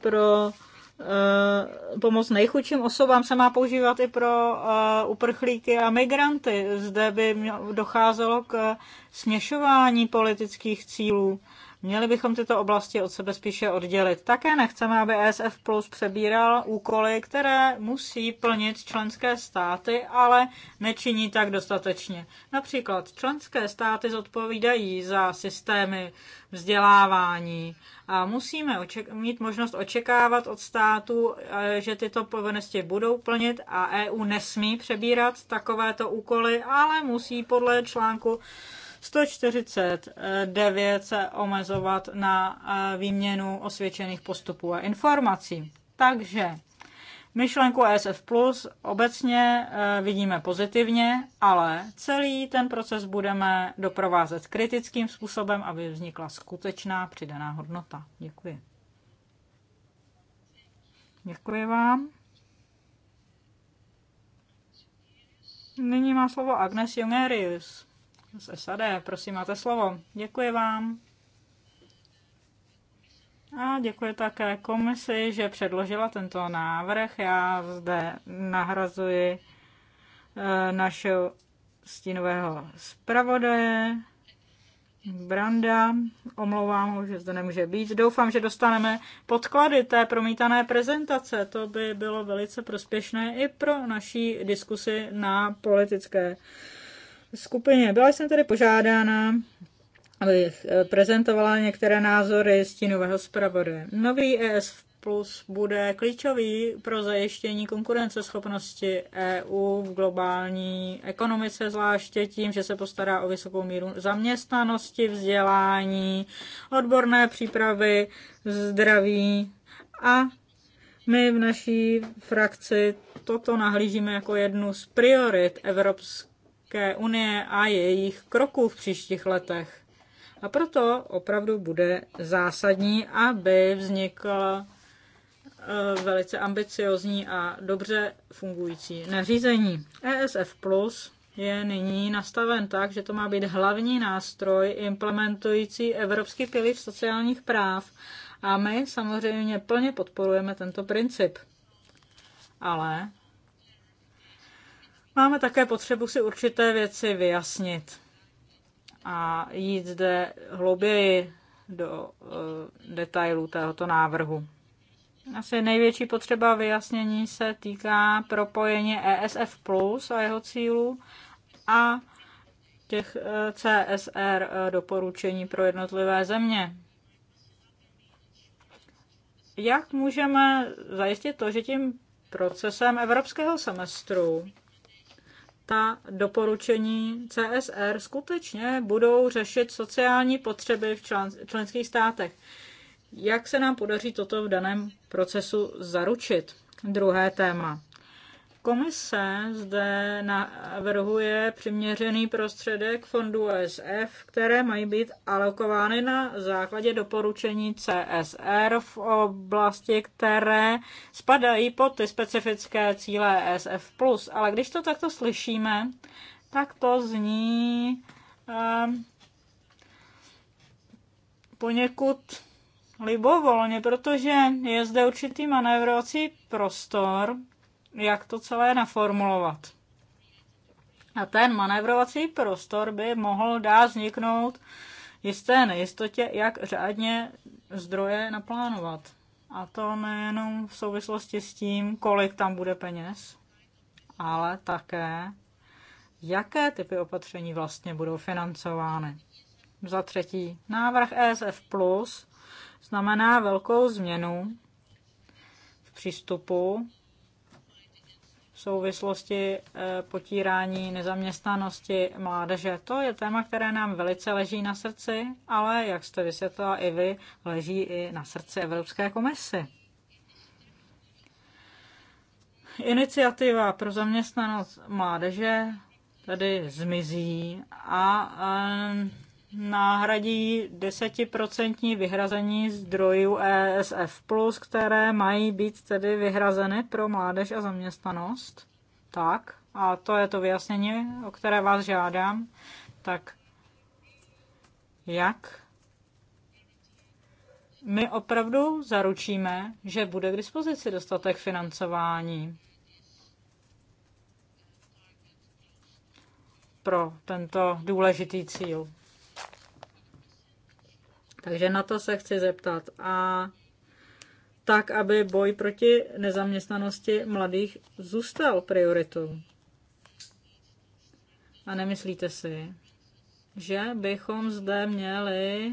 pro eh, pomoc nejchudším osobám se má používat i pro eh, uprchlíky a migranty. Zde by docházelo k směšování politických cílů Měli bychom tyto oblasti od sebe spíše oddělit. Také nechceme, aby ESF Plus přebíral úkoly, které musí plnit členské státy, ale nečiní tak dostatečně. Například členské státy zodpovídají za systémy vzdělávání a musíme mít možnost očekávat od státu, eh, že tyto povinnosti budou plnit a EU nesmí přebírat takovéto úkoly, ale musí podle článku 149 se omezovat na eh, výměnu osvědčených postupů a informací. Takže myšlenku ESF Plus obecně eh, vidíme pozitivně, ale celý ten proces budeme doprovázet kritickým způsobem, aby vznikla skutečná přidaná hodnota. Děkuji. Děkuji vám. Nyní má slovo Agnes Jungerius z SAD. Prosím, máte slovo. Děkuji vám. A děkuji také komisi, že předložila tento návrh. Já zde nahrazuji eh, našeho stínového zpravodaje Branda. Omlouvám ho, že zde nemůže být. Doufám, že dostaneme podklady té promítané prezentace. To by bylo velice prospěšné i pro naší diskusi na politické skupině. Byla jsem tedy požádána, abych eh, prezentovala některé názory stínového zpravodaje. Nový ES+ Plus bude klíčový pro zajištění konkurenceschopnosti EU v globální ekonomice, zvláště tím, že se postará o vysokou míru zaměstnanosti, vzdělání, odborné přípravy, zdraví a my v naší frakci toto nahlížíme jako jednu z priorit Evropské Evropské unie a jejich kroků v příštích letech. A proto opravdu bude zásadní, aby vznikl eh, velice ambiciozní a dobře fungující nařízení. ESF Plus je nyní nastaven tak, že to má být hlavní nástroj implementující Evropský pilíř sociálních práv a my samozřejmě plně podporujeme tento princip. Ale Máme také potřebu si určité věci vyjasnit a jít zde hlouběji do eh, detailů tohoto návrhu. Asi největší potřeba vyjasnění se týká propojení ESF Plus a jeho cílů a těch eh, CSR eh, doporučení pro jednotlivé země. Jak můžeme zajistit to, že tím procesem evropského semestru ta doporučení CSR skutečně budou řešit sociální potřeby v členských státech. Jak se nám podaří toto v daném procesu zaručit? Druhé téma. Komise zde navrhuje přiměřený prostředek fondu OSF, které mají být alokovány na základě doporučení CSR v oblasti, které spadají pod ty specifické cíle ESF+. Ale když to takto slyšíme, tak to zní um, poněkud libovolně, protože je zde určitý manévrovací prostor, jak to celé naformulovat. A ten manévrovací prostor by mohl dát vzniknout jisté nejistotě, jak řádně zdroje naplánovat. A to nejenom v souvislosti s tím, kolik tam bude peněz, ale také, jaké typy opatření vlastně budou financovány. Za třetí, návrh ESF Plus znamená velkou změnu v přístupu souvislosti eh, potírání nezaměstnanosti mládeže. To je téma, které nám velice leží na srdci, ale jak jste vysvětlila i vy, leží i na srdci Evropské komisy. Iniciativa pro zaměstnanost mládeže tady zmizí a náhradí desetiprocentní vyhrazení zdrojů ESF+, které mají být tedy vyhrazeny pro mládež a zaměstnanost. Tak, a to je to vyjasnění, o které vás žádám. Tak jak my opravdu zaručíme, že bude k dispozici dostatek financování pro tento důležitý cíl. Takže na to se chci zeptat. A tak, aby boj proti nezaměstnanosti mladých zůstal prioritou. A nemyslíte si, že bychom zde měli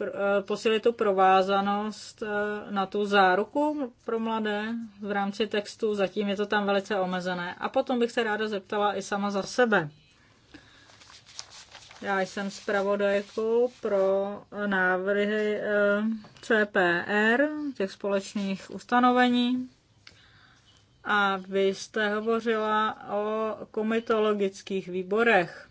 eh, posílit tu provázanost eh, na tu záruku pro mladé v rámci textu, zatím je to tam velice omezené. A potom bych se ráda zeptala i sama za sebe. Já jsem zpravodajkou pro návrhy eh, CPR, těch společných ustanovení. A vy jste hovořila o komitologických výborech.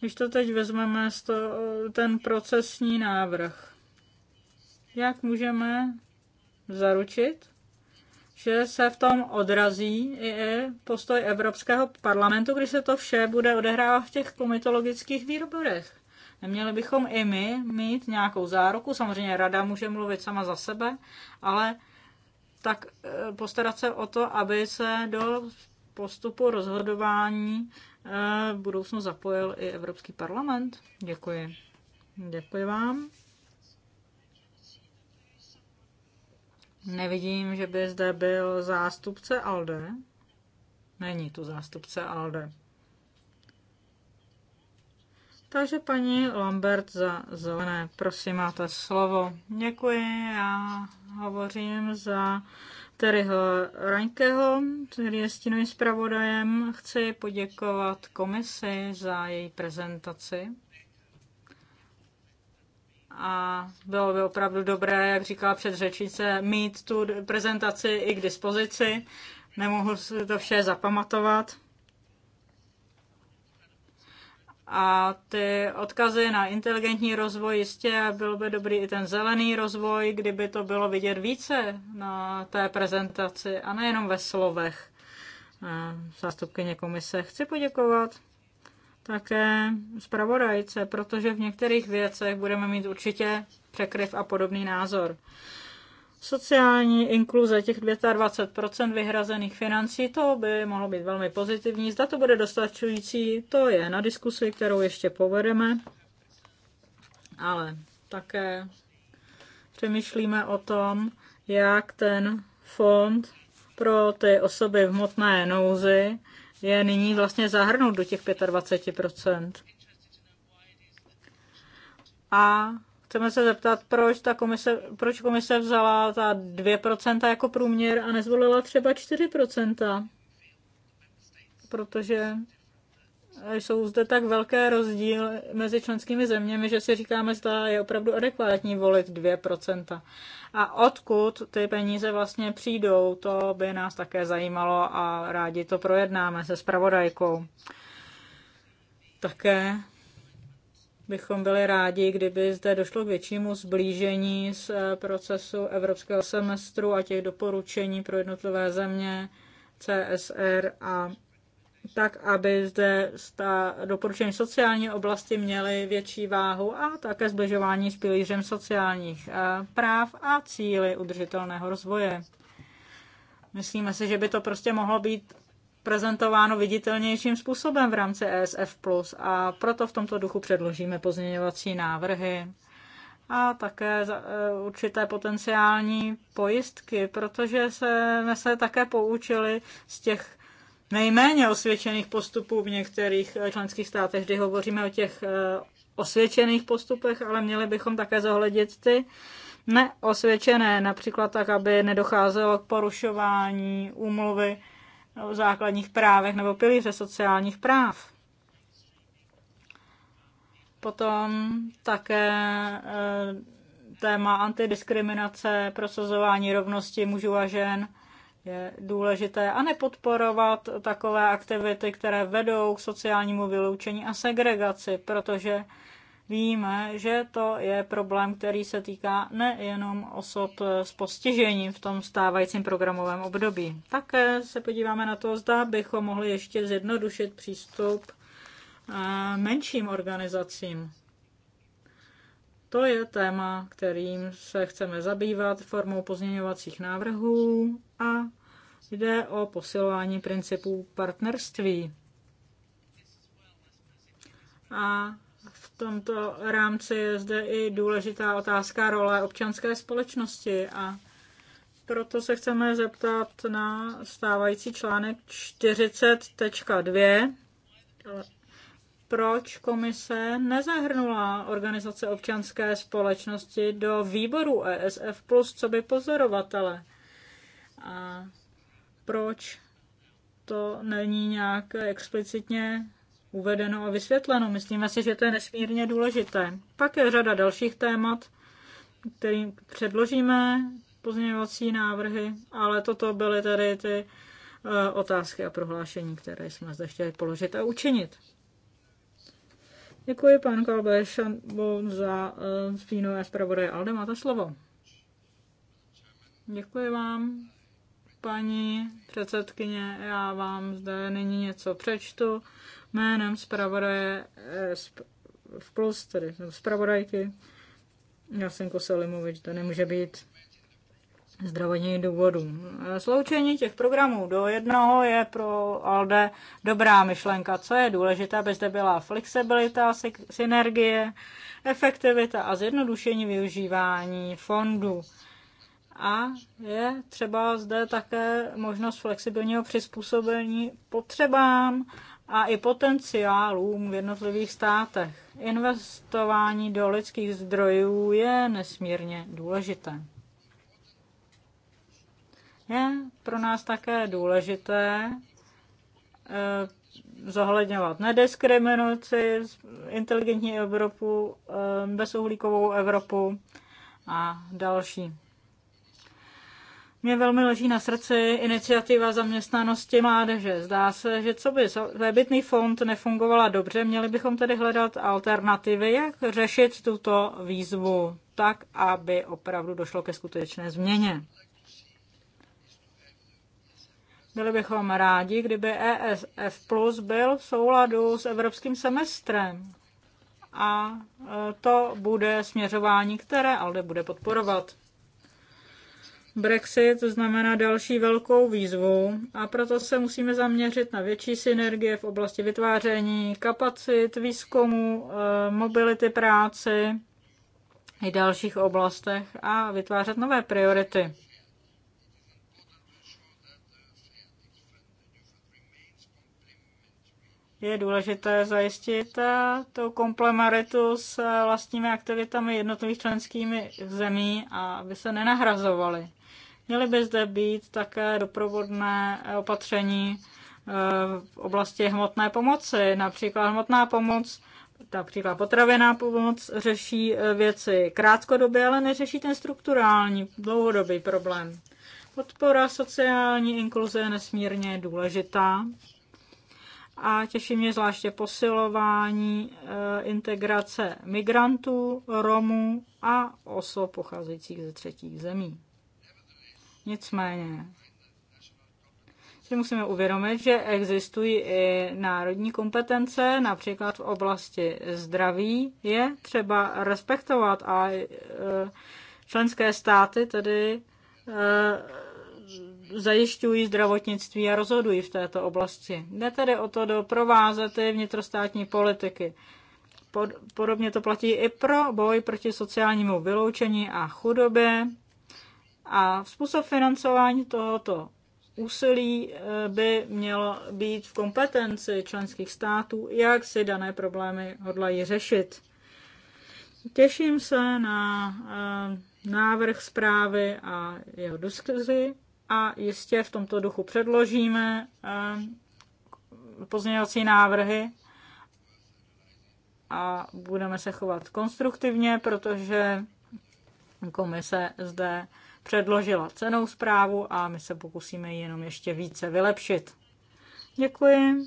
Když to teď vezmeme, to, ten procesní návrh, jak můžeme zaručit, že se v tom odrazí i postoj Evropského parlamentu, když se to vše bude odehrávat v těch komitologických výborech. Neměli bychom i my mít nějakou záruku, samozřejmě rada může mluvit sama za sebe, ale tak e, postarat se o to, aby se do postupu rozhodování e, v budoucnu zapojil i Evropský parlament. Děkuji. Děkuji vám. Nevidím, že by zde byl zástupce Alde. Není tu zástupce Alde. Takže paní Lambert za zelené, prosím, máte slovo. Děkuji, já hovořím za Terryho Raňkeho, který je stínovým zpravodajem. Chci poděkovat komisi za její prezentaci a bylo by opravdu dobré, jak říkala předřečnice, mít tu prezentaci i k dispozici. Nemohu si to vše zapamatovat. A ty odkazy na inteligentní rozvoj jistě byl by dobrý i ten zelený rozvoj, kdyby to bylo vidět více na té prezentaci a nejenom ve slovech eh, zástupkyně komise. Chci poděkovat také zpravodajce, protože v některých věcech budeme mít určitě překryv a podobný názor. Sociální inkluze těch 22% vyhrazených financí, to by mohlo být velmi pozitivní. Zda to bude dostačující, to je na diskusi, kterou ještě povedeme. Ale také přemýšlíme o tom, jak ten fond pro ty osoby v hmotné nouzi je nyní vlastně zahrnout do těch 25%. A chceme se zeptat, proč, ta komise, proč komise vzala ta 2% jako průměr a nezvolila třeba 4%. Protože jsou zde tak velké rozdíly mezi členskými zeměmi, že si říkáme, zda je opravdu adekvátní volit 2%. A odkud ty peníze vlastně přijdou, to by nás také zajímalo a rádi to projednáme se spravodajkou. Také bychom byli rádi, kdyby zde došlo k většímu zblížení z eh, procesu evropského semestru a těch doporučení pro jednotlivé země, CSR a tak aby zde ta doporučení sociální oblasti měly větší váhu a také zbližování s pilířem sociálních eh, práv a cíly udržitelného rozvoje. Myslíme si, že by to prostě mohlo být prezentováno viditelnějším způsobem v rámci ESF+, a proto v tomto duchu předložíme pozměňovací návrhy a také eh, určité potenciální pojistky, protože jsme se také poučili z těch nejméně osvědčených postupů v některých eh, členských státech, kdy hovoříme o těch eh, osvědčených postupech, ale měli bychom také zohlednit ty neosvědčené, například tak, aby nedocházelo k porušování úmluvy o základních právech nebo pilíře sociálních práv. Potom také eh, téma antidiskriminace, prosazování rovnosti mužů a žen – je důležité a nepodporovat takové aktivity, které vedou k sociálnímu vyloučení a segregaci, protože víme, že to je problém, který se týká nejenom osob s postižením v tom stávajícím programovém období. Také se podíváme na to, zda bychom mohli ještě zjednodušit přístup eh, menším organizacím. To je téma, kterým se chceme zabývat formou pozměňovacích návrhů a Jde o posilování principů partnerství. A v tomto rámci je zde i důležitá otázka role občanské společnosti a proto se chceme zeptat na stávající článek 40.2. Proč komise nezahrnula organizace občanské společnosti do výboru ESF+, co by pozorovatele? A proč to není nějak explicitně uvedeno a vysvětleno. Myslíme si, že to je nesmírně důležité. Pak je řada dalších témat, kterým předložíme pozměňovací návrhy, ale toto byly tady ty eh, otázky a prohlášení, které jsme zde chtěli položit a učinit. Děkuji pan Kalbeš za eh, spínové zpravodaje Alde. Máte slovo. Děkuji vám, paní předsedkyně, já vám zde nyní něco přečtu jménem zpravodaje eh, v plus, tedy zpravodajky. Jasenko Selimovič, to nemůže být zdravotní důvodů. Eh, sloučení těch programů do jednoho je pro ALDE dobrá myšlenka. Co je důležité, aby zde byla flexibilita, synergie, efektivita a zjednodušení využívání fondů a je třeba zde také možnost flexibilního přizpůsobení potřebám a i potenciálům v jednotlivých státech. Investování do lidských zdrojů je nesmírně důležité. Je pro nás také důležité eh, zohledňovat nediskriminaci, inteligentní Evropu, eh, bezuhlíkovou Evropu a další. Mě velmi leží na srdci iniciativa zaměstnanosti mládeže. Zdá se, že co by vébytný fond nefungovala dobře, měli bychom tedy hledat alternativy, jak řešit tuto výzvu tak, aby opravdu došlo ke skutečné změně. Byli bychom rádi, kdyby ESF Plus byl v souladu s evropským semestrem. A e, to bude směřování, které ALDE bude podporovat. Brexit znamená další velkou výzvu a proto se musíme zaměřit na větší synergie v oblasti vytváření kapacit, výzkumu, eh, mobility práci i dalších oblastech a vytvářet nové priority. je důležité zajistit eh, tu komplementaritu s eh, vlastními aktivitami jednotlivých členskými zemí a aby se nenahrazovaly. Měly by zde být také doprovodné opatření eh, v oblasti hmotné pomoci. Například hmotná pomoc, například potravená pomoc řeší eh, věci krátkodobě, ale neřeší ten strukturální dlouhodobý problém. Podpora sociální inkluze je nesmírně důležitá a těší mě zvláště posilování eh, integrace migrantů, Romů a osob pocházejících ze třetích zemí. Nicméně si musíme uvědomit, že existují i národní kompetence, například v oblasti zdraví je třeba respektovat a e, členské státy tedy e, zajišťují zdravotnictví a rozhodují v této oblasti. Jde tedy o to doprovázet ty vnitrostátní politiky. Podobně to platí i pro boj proti sociálnímu vyloučení a chudobě, a způsob financování tohoto úsilí eh, by mělo být v kompetenci členských států, jak si dané problémy hodlají řešit. Těším se na eh, návrh zprávy a jeho diskuzi a jistě v tomto duchu předložíme eh, pozměňovací návrhy a budeme se chovat konstruktivně, protože komise zde předložila cenou zprávu a my se pokusíme ji jenom ještě více vylepšit. Děkuji.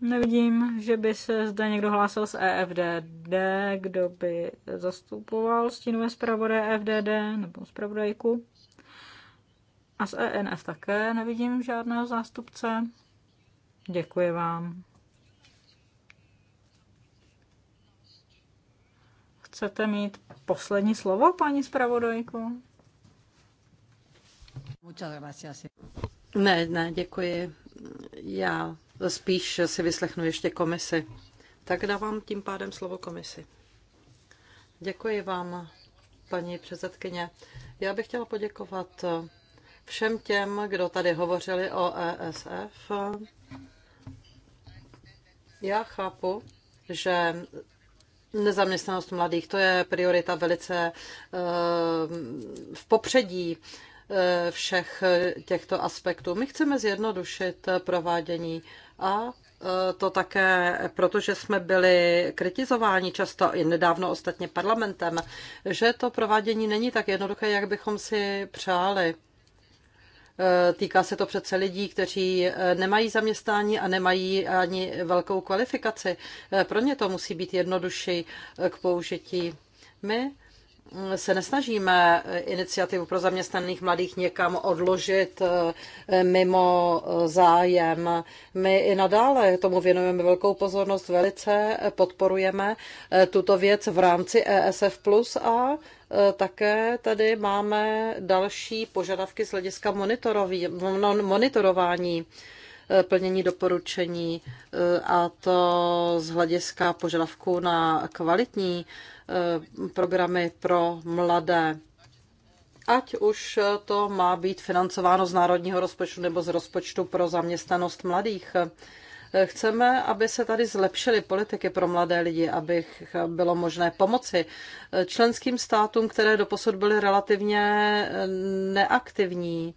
Nevidím, že by se zde někdo hlásil z EFDD, kdo by zastupoval stínové zpravodaj EFDD nebo zpravodajku. A z ENF také nevidím žádného zástupce. Děkuji vám. Chcete mít poslední slovo, paní zpravodajko? Ne, ne, děkuji. Já spíš si vyslechnu ještě komisi. Tak dávám tím pádem slovo komisi. Děkuji vám, paní předsedkyně. Já bych chtěla poděkovat všem těm, kdo tady hovořili o ESF. Já chápu, že nezaměstnanost mladých, to je priorita velice eh, v popředí Eh, všech eh, těchto aspektů. My chceme zjednodušit eh, provádění a to také, protože jsme byli kritizováni často i nedávno ostatně parlamentem, že to provádění není tak jednoduché, jak bychom si přáli. Týká se to přece lidí, kteří nemají zaměstnání a nemají ani velkou kvalifikaci. Pro ně to musí být jednodušší k použití. My se nesnažíme iniciativu pro zaměstnaných mladých někam odložit eh, mimo eh, zájem. My i nadále tomu věnujeme velkou pozornost, velice podporujeme eh, tuto věc v rámci ESF+, a také tady máme další požadavky z hlediska no, monitorování plnění doporučení a to z hlediska požadavku na kvalitní Eh, programy pro mladé. Ať už to má být financováno z národního rozpočtu nebo z rozpočtu pro zaměstnanost mladých. Eh, chceme, aby se tady zlepšily politiky pro mladé lidi, aby bylo možné pomoci eh, členským státům, které doposud byly relativně neaktivní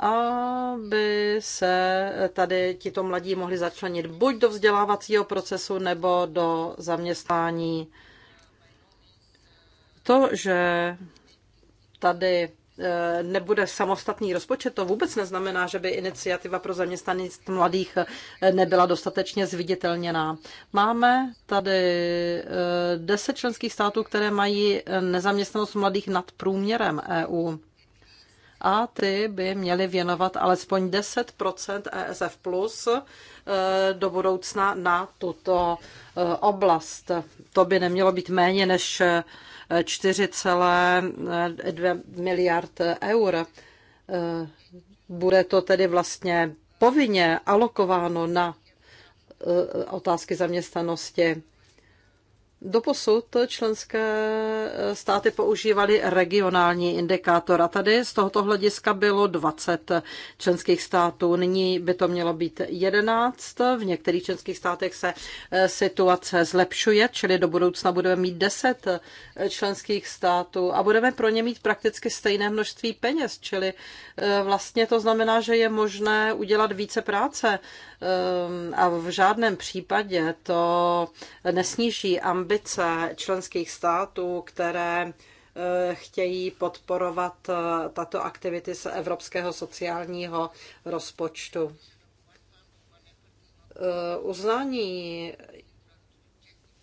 aby se tady tito mladí mohli začlenit buď do vzdělávacího procesu nebo do zaměstnání. To, že tady eh, nebude samostatný rozpočet, to vůbec neznamená, že by iniciativa pro zaměstnání mladých eh, nebyla dostatečně zviditelněná. Máme tady eh, deset členských států, které mají nezaměstnanost mladých nad průměrem EU. A ty by měly věnovat alespoň 10 ESF plus do budoucna na tuto oblast. To by nemělo být méně než 4,2 eh, miliard eur. Eh, bude to tedy vlastně povinně alokováno na eh, otázky zaměstnanosti. Doposud členské eh, státy používaly regionální indikátor a tady z tohoto hlediska bylo 20 členských států. Nyní by to mělo být 11. V některých členských státech se eh, situace zlepšuje, čili do budoucna budeme mít 10 eh, členských států a budeme pro ně mít prakticky stejné množství peněz, čili vlastně to znamená, že je možné udělat více práce Ehm, a v žádném případě to nesníží ambice členských států, které eh, chtějí podporovat eh, tato aktivity z Evropského sociálního rozpočtu. Eh, uznání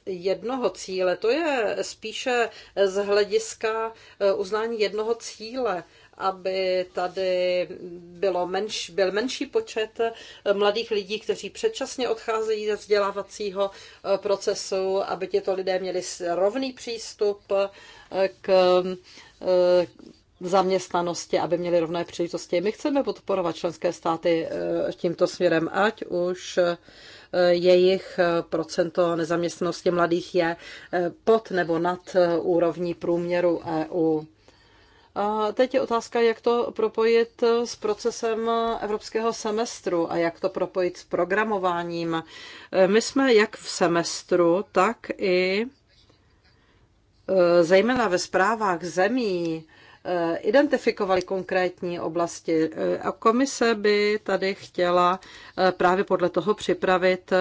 jednoho cíle, to je spíše z hlediska uznání jednoho cíle aby tady bylo menš, byl menší počet eh, mladých lidí, kteří předčasně odcházejí ze vzdělávacího eh, procesu, aby těto lidé měli rovný přístup eh, k zaměstnanosti, aby měli rovné příležitosti. My chceme podporovat členské státy tímto směrem, ať už jejich procento nezaměstnanosti mladých je pod nebo nad úrovní průměru EU teď je otázka, jak to propojit s procesem evropského semestru a jak to propojit s programováním. My jsme jak v semestru, tak i e, zejména ve zprávách zemí Eh, identifikovali konkrétní oblasti. Eh, a komise by tady chtěla eh, právě podle toho připravit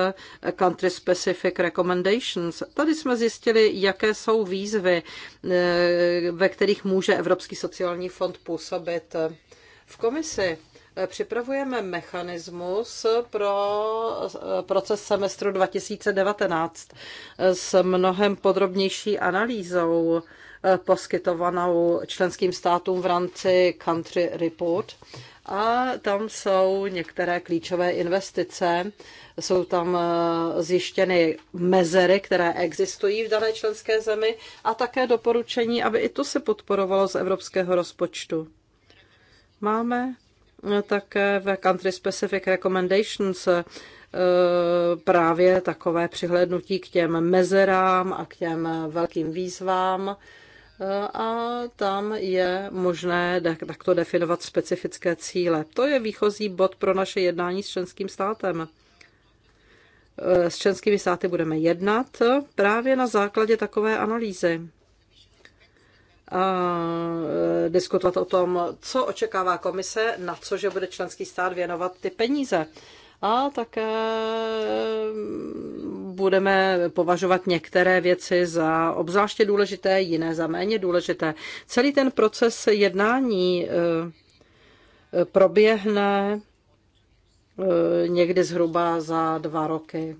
country specific recommendations. Tady jsme zjistili, jaké jsou výzvy, ve kterých může Evropský sociální fond působit. V komisi připravujeme mechanismus pro proces semestru 2019 s mnohem podrobnější analýzou poskytovanou členským státům v rámci Country Report. A tam jsou některé klíčové investice, jsou tam eh, zjištěny mezery, které existují v dané členské zemi a také doporučení, aby i to se podporovalo z evropského rozpočtu. Máme eh, také ve Country Specific Recommendations eh, právě takové přihlednutí k těm mezerám a k těm velkým výzvám a tam je možné takto definovat specifické cíle. To je výchozí bod pro naše jednání s členským státem. E, s členskými státy budeme jednat právě na základě takové analýzy a e, diskutovat o tom, co očekává komise, na co, že bude členský stát věnovat ty peníze. A také budeme považovat některé věci za obzvláště důležité, jiné za méně důležité. Celý ten proces jednání eh, eh, proběhne eh, někdy zhruba za dva roky.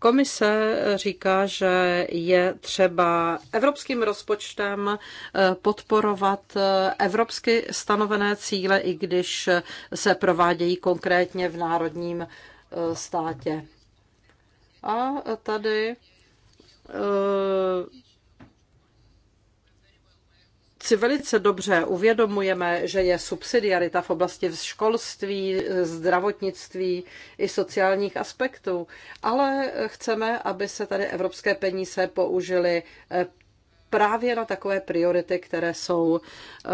Komise říká, že je třeba evropským rozpočtem podporovat evropsky stanovené cíle, i když se provádějí konkrétně v národním státě. A tady eh, si velice dobře uvědomujeme, že je subsidiarita v oblasti školství, zdravotnictví i sociálních aspektů, ale chceme, aby se tady evropské peníze použily eh, právě na takové priority, které jsou eh,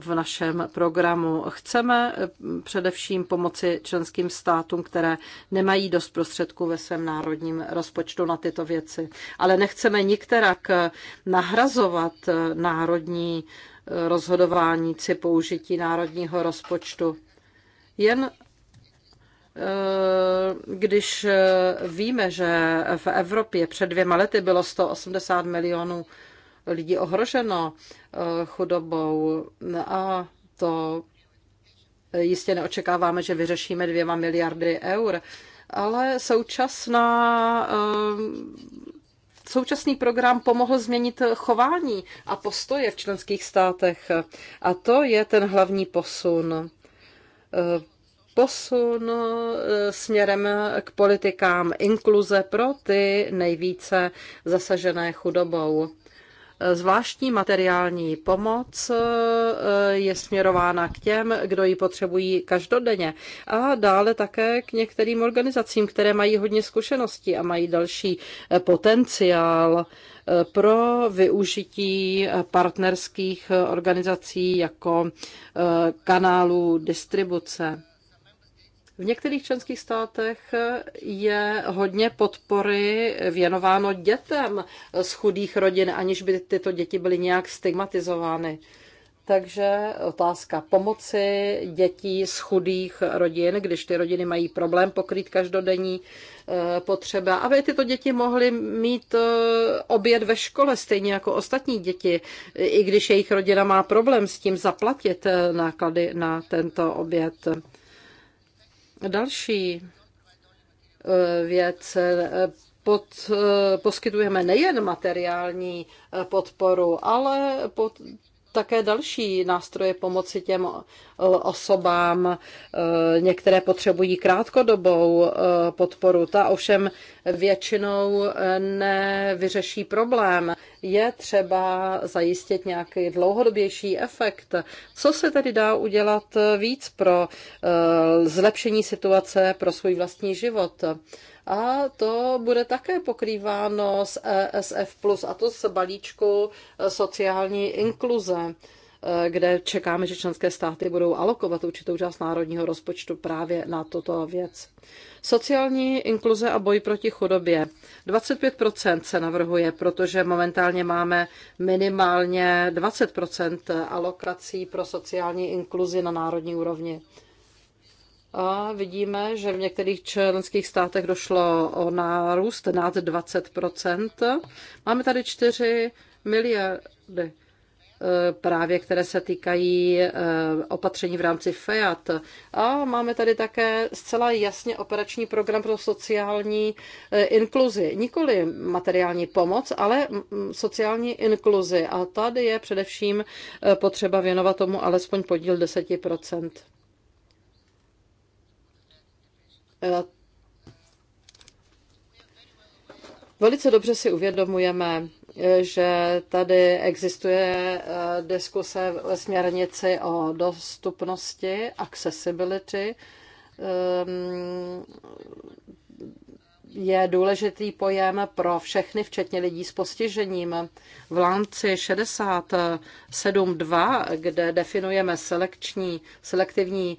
v našem programu. Chceme eh, především pomoci členským státům, které nemají dost prostředků ve svém národním rozpočtu na tyto věci. Ale nechceme nikterak eh, nahrazovat národní rozhodování či použití národního rozpočtu. Jen když víme, že v Evropě před dvěma lety bylo 180 milionů lidí ohroženo eh, chudobou a to jistě neočekáváme, že vyřešíme dvěma miliardy eur, ale současná eh, Současný program pomohl změnit chování a postoje v členských státech. A to je ten hlavní posun. Eh, posun směrem k politikám inkluze pro ty nejvíce zasažené chudobou. Zvláštní materiální pomoc eh, je směrována k těm, kdo ji potřebují každodenně a dále také k některým organizacím, které mají hodně zkušeností a mají další eh, potenciál eh, pro využití partnerských organizací jako kanálů distribuce. V některých členských státech je hodně podpory věnováno dětem z chudých rodin, aniž by tyto děti byly nějak stigmatizovány. Takže otázka pomoci dětí z chudých rodin, když ty rodiny mají problém pokrýt každodenní eh, potřeba, aby tyto děti mohly mít eh, oběd ve škole, stejně jako ostatní děti, i když jejich rodina má problém s tím zaplatit eh, náklady na tento oběd. Další eh, věc eh, pod, eh, poskytujeme nejen materiální podporu, ale pod, také další nástroje pomoci těm osobám. Některé potřebují krátkodobou podporu, ta ovšem většinou nevyřeší problém je třeba zajistit nějaký dlouhodobější efekt. Co se tedy dá udělat víc pro eh, zlepšení situace pro svůj vlastní život? A to bude také pokrýváno s ESF+, a to s balíčku eh, sociální inkluze. Eh, kde čekáme, že členské státy budou alokovat určitou část národního rozpočtu právě na toto věc. Sociální inkluze a boj proti chudobě. 25% se navrhuje, protože momentálně máme minimálně 20% alokací pro sociální inkluzi na národní úrovni. A vidíme, že v některých členských státech došlo o nárůst nad 20 Máme tady 4 miliardy Eh, právě které se týkají eh, opatření v rámci FEAT. A máme tady také zcela jasně operační program pro sociální eh, inkluzi. Nikoli materiální pomoc, ale mm, mm, sociální inkluzi. A tady je především potřeba věnovat tomu alespoň podíl 10%. Velice dobře si uvědomujeme, že tady existuje eh, diskuse ve směrnici o dostupnosti, accessibility. Ehm, je důležitý pojem pro všechny, včetně lidí s postižením. V lánci 67.2, kde definujeme selekční, selektivní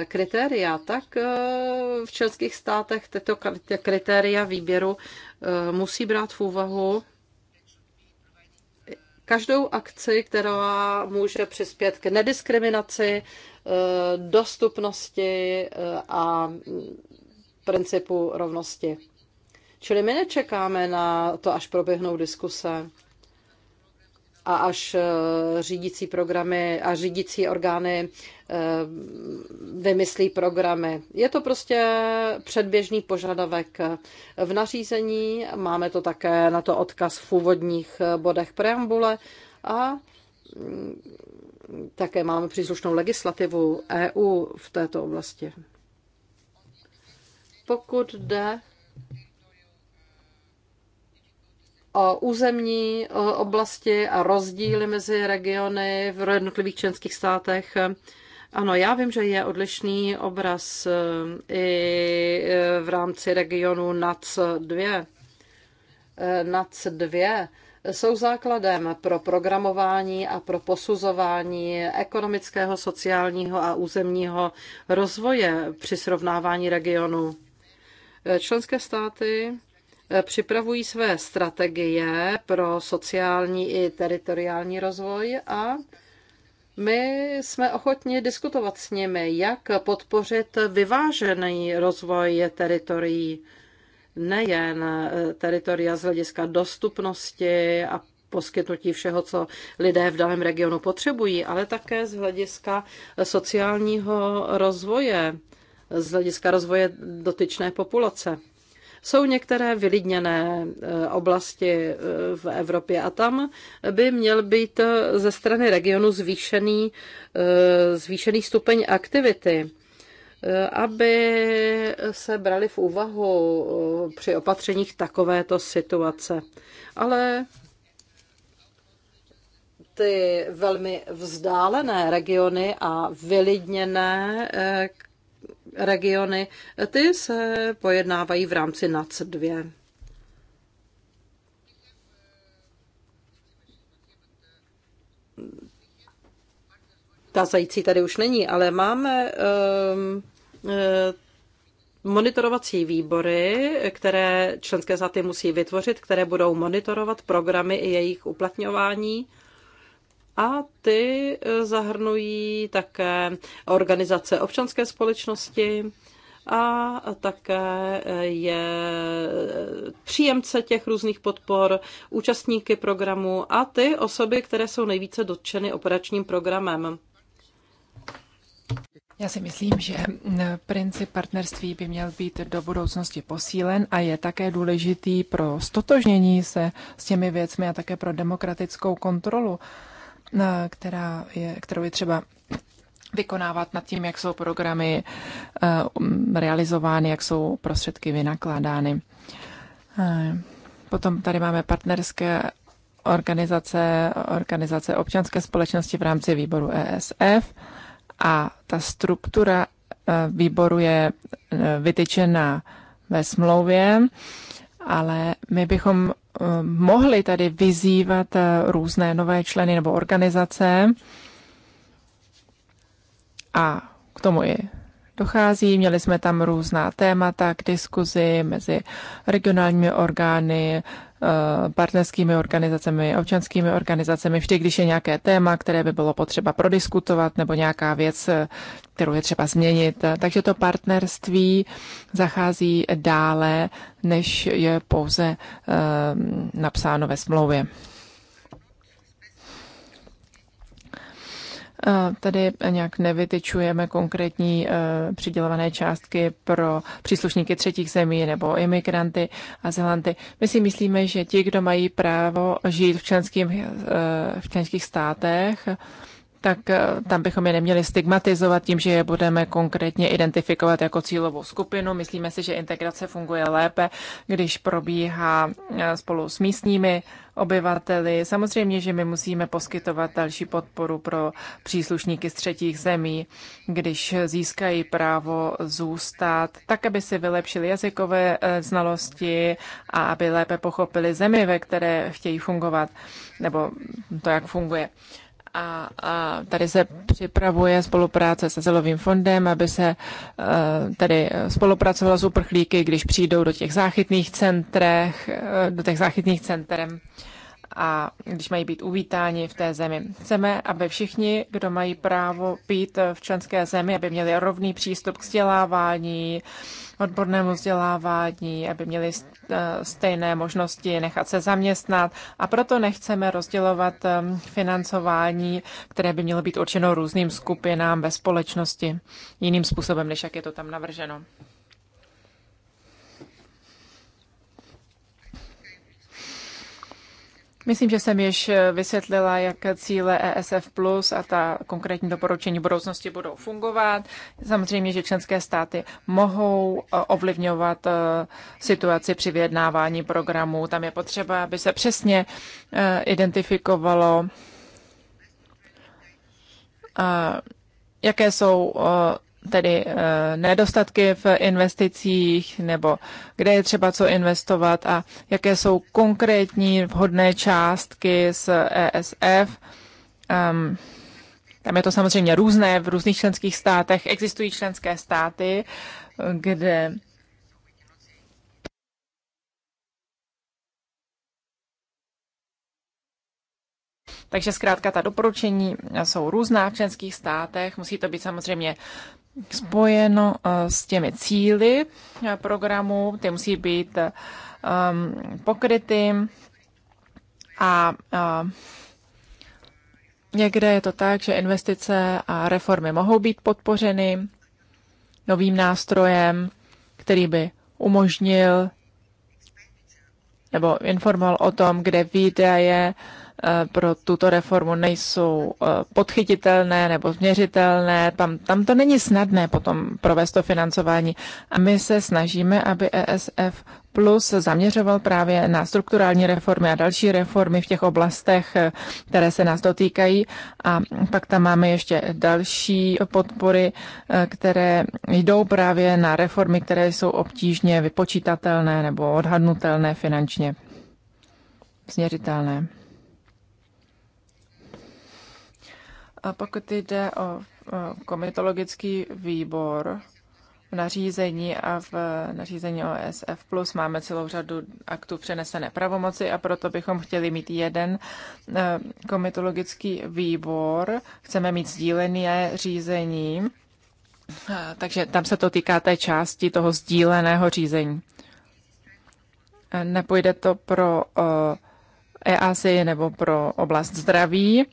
eh, kritéria, tak eh, v českých státech tyto kritéria výběru musí brát v úvahu každou akci, která může přispět k nediskriminaci, eh, dostupnosti eh, a principu rovnosti. Čili my nečekáme na to, až proběhnou diskuse a až eh, řídící programy a řídící orgány eh, vymyslí programy. Je to prostě předběžný požadavek v nařízení, máme to také na to odkaz v úvodních eh, bodech preambule a mm, také máme příslušnou legislativu EU v této oblasti. Pokud jde územní oblasti a rozdíly mezi regiony v jednotlivých členských státech. Ano, já vím, že je odlišný obraz eh, i eh, v rámci regionu NAC 2. Eh, NAC 2 jsou základem pro programování a pro posuzování ekonomického, sociálního a územního rozvoje při srovnávání regionu. Členské státy Eh, připravují své strategie pro sociální i teritoriální rozvoj a my jsme ochotni diskutovat s nimi, jak podpořit vyvážený rozvoj teritorií, nejen eh, teritoria z hlediska dostupnosti a poskytnutí všeho, co lidé v daném regionu potřebují, ale také z hlediska sociálního rozvoje, z hlediska rozvoje dotyčné populace. Jsou některé vylidněné eh, oblasti eh, v Evropě a tam by měl být eh, ze strany regionu zvýšený, zvýšený stupeň aktivity aby se brali v úvahu při opatřeních takovéto situace. Ale ty velmi vzdálené regiony a vylidněné regiony, ty se pojednávají v rámci NAC 2. Tazající tady už není, ale máme ehm, eh, monitorovací výbory, které členské státy musí vytvořit, které budou monitorovat programy i jejich uplatňování a ty e, zahrnují také organizace občanské společnosti a také e, je e, příjemce těch různých podpor, účastníky programu a ty osoby, které jsou nejvíce dotčeny operačním programem. Já si myslím, že princip partnerství by měl být do budoucnosti posílen a je také důležitý pro stotožnění se s těmi věcmi a také pro demokratickou kontrolu. Eh, která je, kterou je třeba vykonávat nad tím, jak jsou programy eh, realizovány, jak jsou prostředky vynakládány. Eh, potom tady máme partnerské organizace, organizace občanské společnosti v rámci výboru ESF a ta struktura výboru je vytyčena ve smlouvě ale my bychom eh, mohli tady vyzývat eh, různé nové členy nebo organizace a k tomu i dochází. Měli jsme tam různá témata k diskuzi mezi regionálními orgány, eh, partnerskými organizacemi, občanskými organizacemi, vždy, když je nějaké téma, které by bylo potřeba prodiskutovat nebo nějaká věc, eh, kterou je třeba změnit. Takže to partnerství zachází dále, než je pouze eh, napsáno ve smlouvě. Tady nějak nevytyčujeme konkrétní e, přidělované částky pro příslušníky třetích zemí nebo imigranty a zelanty. My si myslíme, že ti, kdo mají právo žít v, členským, e, v členských státech, tak eh, tam bychom je neměli stigmatizovat tím, že je budeme konkrétně identifikovat jako cílovou skupinu. Myslíme si, že integrace funguje lépe, když probíhá eh, spolu s místními obyvateli. Samozřejmě, že my musíme poskytovat další podporu pro příslušníky z třetích zemí, když získají právo zůstat, tak, aby si vylepšili jazykové eh, znalosti a aby lépe pochopili zemi, ve které chtějí fungovat, nebo to, jak funguje a, a tady se připravuje spolupráce se Zelovým fondem, aby se e, tady spolupracovala s uprchlíky, když přijdou do těch záchytných centrech, e, do těch záchytných centrem a když mají být uvítáni v té zemi. Chceme, aby všichni, kdo mají právo být v členské zemi, aby měli rovný přístup k vzdělávání, odbornému vzdělávání, aby měli eh, stejné možnosti nechat se zaměstnat a proto nechceme rozdělovat ehm, financování, které by mělo být určeno různým skupinám ve společnosti jiným způsobem, než jak je to tam navrženo. Myslím, že jsem již eh, vysvětlila, jak cíle ESF Plus a ta konkrétní doporučení budoucnosti budou fungovat. Samozřejmě, že členské státy mohou eh, ovlivňovat eh, situaci při vyjednávání programů. Tam je potřeba, aby se přesně identifikovalo, jaké jsou tedy eh, nedostatky v investicích nebo kde je třeba co investovat a jaké jsou konkrétní vhodné částky z ESF. Um, ehm, tam je to samozřejmě různé v různých členských státech. Existují členské státy, eh, kde Takže zkrátka ta doporučení jsou různá v členských státech. Musí to být samozřejmě spojeno eh, s těmi cíly eh, programu, ty musí být um, pokryty a eh, někde je to tak, že investice a reformy mohou být podpořeny novým nástrojem, který by umožnil nebo informoval o tom, kde výdaje uh, Eh, pro tuto reformu nejsou eh, podchytitelné nebo změřitelné. Tam, tam to není snadné potom provést to financování. A my se snažíme, aby ESF Plus zaměřoval právě na strukturální reformy a další reformy v těch oblastech, eh, které se nás dotýkají. A pak tam máme ještě další podpory, které jdou právě na reformy, které jsou obtížně vypočítatelné nebo odhadnutelné finančně, změřitelné. A pokud jde o komitologický výbor v nařízení a v nařízení OSF+, plus máme celou řadu aktů přenesené pravomoci a proto bychom chtěli mít jeden e, komitologický výbor. Chceme mít sdílené řízení, e, takže tam se to týká té části toho sdíleného řízení. E, nepůjde to pro EASI nebo pro oblast zdraví,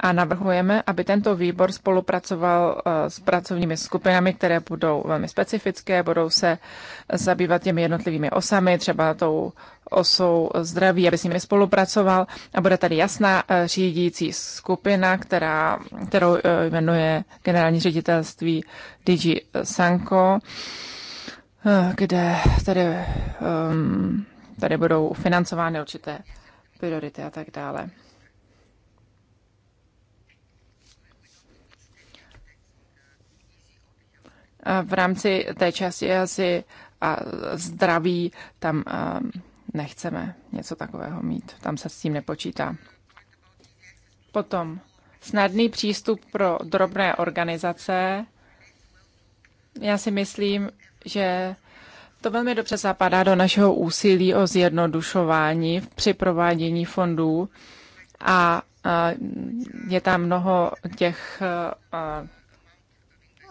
a navrhujeme, aby tento výbor spolupracoval eh, s pracovními skupinami, které budou velmi specifické, budou se zabývat těmi jednotlivými osami, třeba tou osou zdraví, aby s nimi spolupracoval a bude tady jasná eh, řídící skupina, která, kterou eh, jmenuje generální ředitelství DG Sanko, kde tady, ehm, tady budou financovány určité priority a tak dále. v rámci té části asi a zdraví tam nechceme něco takového mít. Tam se s tím nepočítá. Potom snadný přístup pro drobné organizace. Já si myslím, že to velmi dobře zapadá do našeho úsilí o zjednodušování při provádění fondů a je tam mnoho těch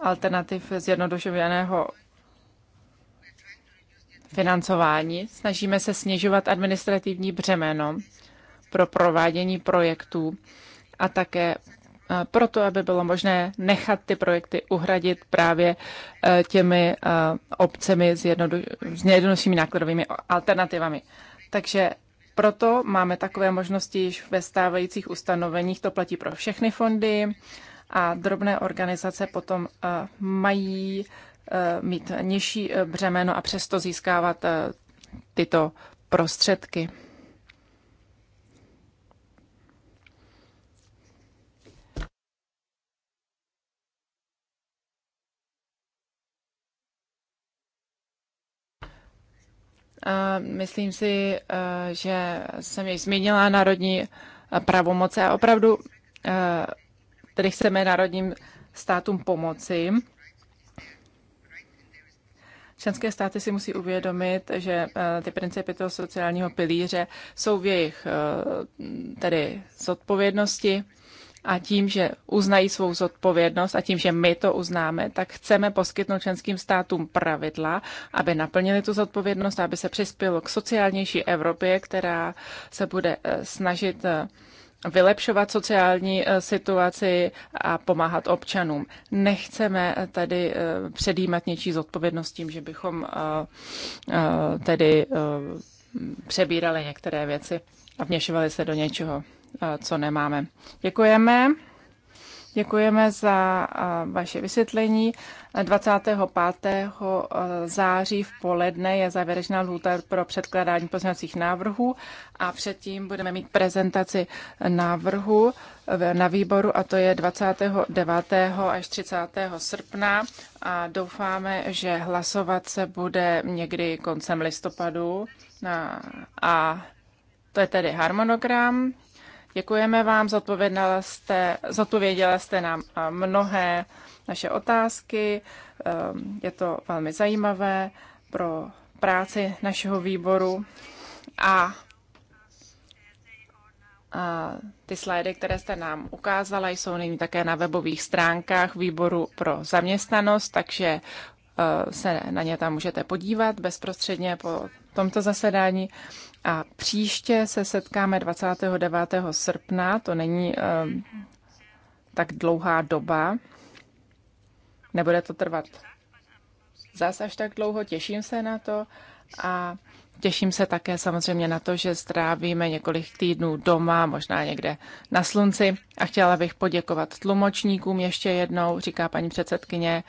alternativ zjednodušeného financování. Snažíme se snižovat administrativní břemeno pro provádění projektů a také e, proto, aby bylo možné nechat ty projekty uhradit právě e, těmi e, obcemi s, jednodu, nákladovými alternativami. Takže proto máme takové možnosti již ve stávajících ustanoveních, to platí pro všechny fondy, a drobné organizace potom eh, mají eh, mít nižší eh, břemeno a přesto získávat tyto prostředky. Myslím si, že jsem již zmínila národní pravomoce a opravdu tedy chceme národním státům pomoci. Členské státy si musí uvědomit, že eh, ty principy toho sociálního pilíře jsou v jejich eh, tedy zodpovědnosti a tím, že uznají svou zodpovědnost a tím, že my to uznáme, tak chceme poskytnout členským státům pravidla, aby naplnili tu zodpovědnost, aby se přispělo k sociálnější Evropě, která se bude eh, snažit vylepšovat sociální eh, situaci a pomáhat občanům. Nechceme eh, tady eh, předjímat něčí zodpovědnost tím, že bychom tedy přebírali některé věci a vněšovali se do něčeho, co nemáme. Děkujeme. Děkujeme za vaše vysvětlení. 25. E, září v poledne je závěrečná lhůta pro předkládání pozměňovacích návrhů a předtím budeme mít prezentaci návrhu na výboru a to je 29. až 30. srpna a doufáme, že hlasovat se bude někdy koncem listopadu a to je tedy harmonogram Děkujeme vám, zodpověděla jste, zodpověděla jste nám eh, mnohé naše otázky. Eh, je to velmi zajímavé pro práci našeho výboru a, a ty slajdy, které jste nám ukázala, jsou nyní také na webových stránkách výboru pro zaměstnanost, takže eh, se na ně tam můžete podívat bezprostředně po tomto zasedání. A příště se setkáme 29. srpna, to není ehm, tak dlouhá doba. Nebude to trvat zas až tak dlouho, těším se na to a těším se také samozřejmě na to, že strávíme několik týdnů doma, možná někde na slunci. A chtěla bych poděkovat tlumočníkům ještě jednou, říká paní předsedkyně,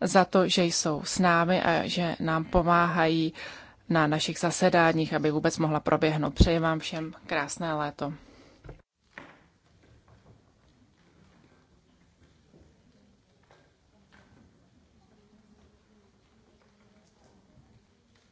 za to, že jsou s námi a že nám pomáhají uh, na našich zasedáních, aby vůbec mohla proběhnout. Přeji vám všem krásné léto.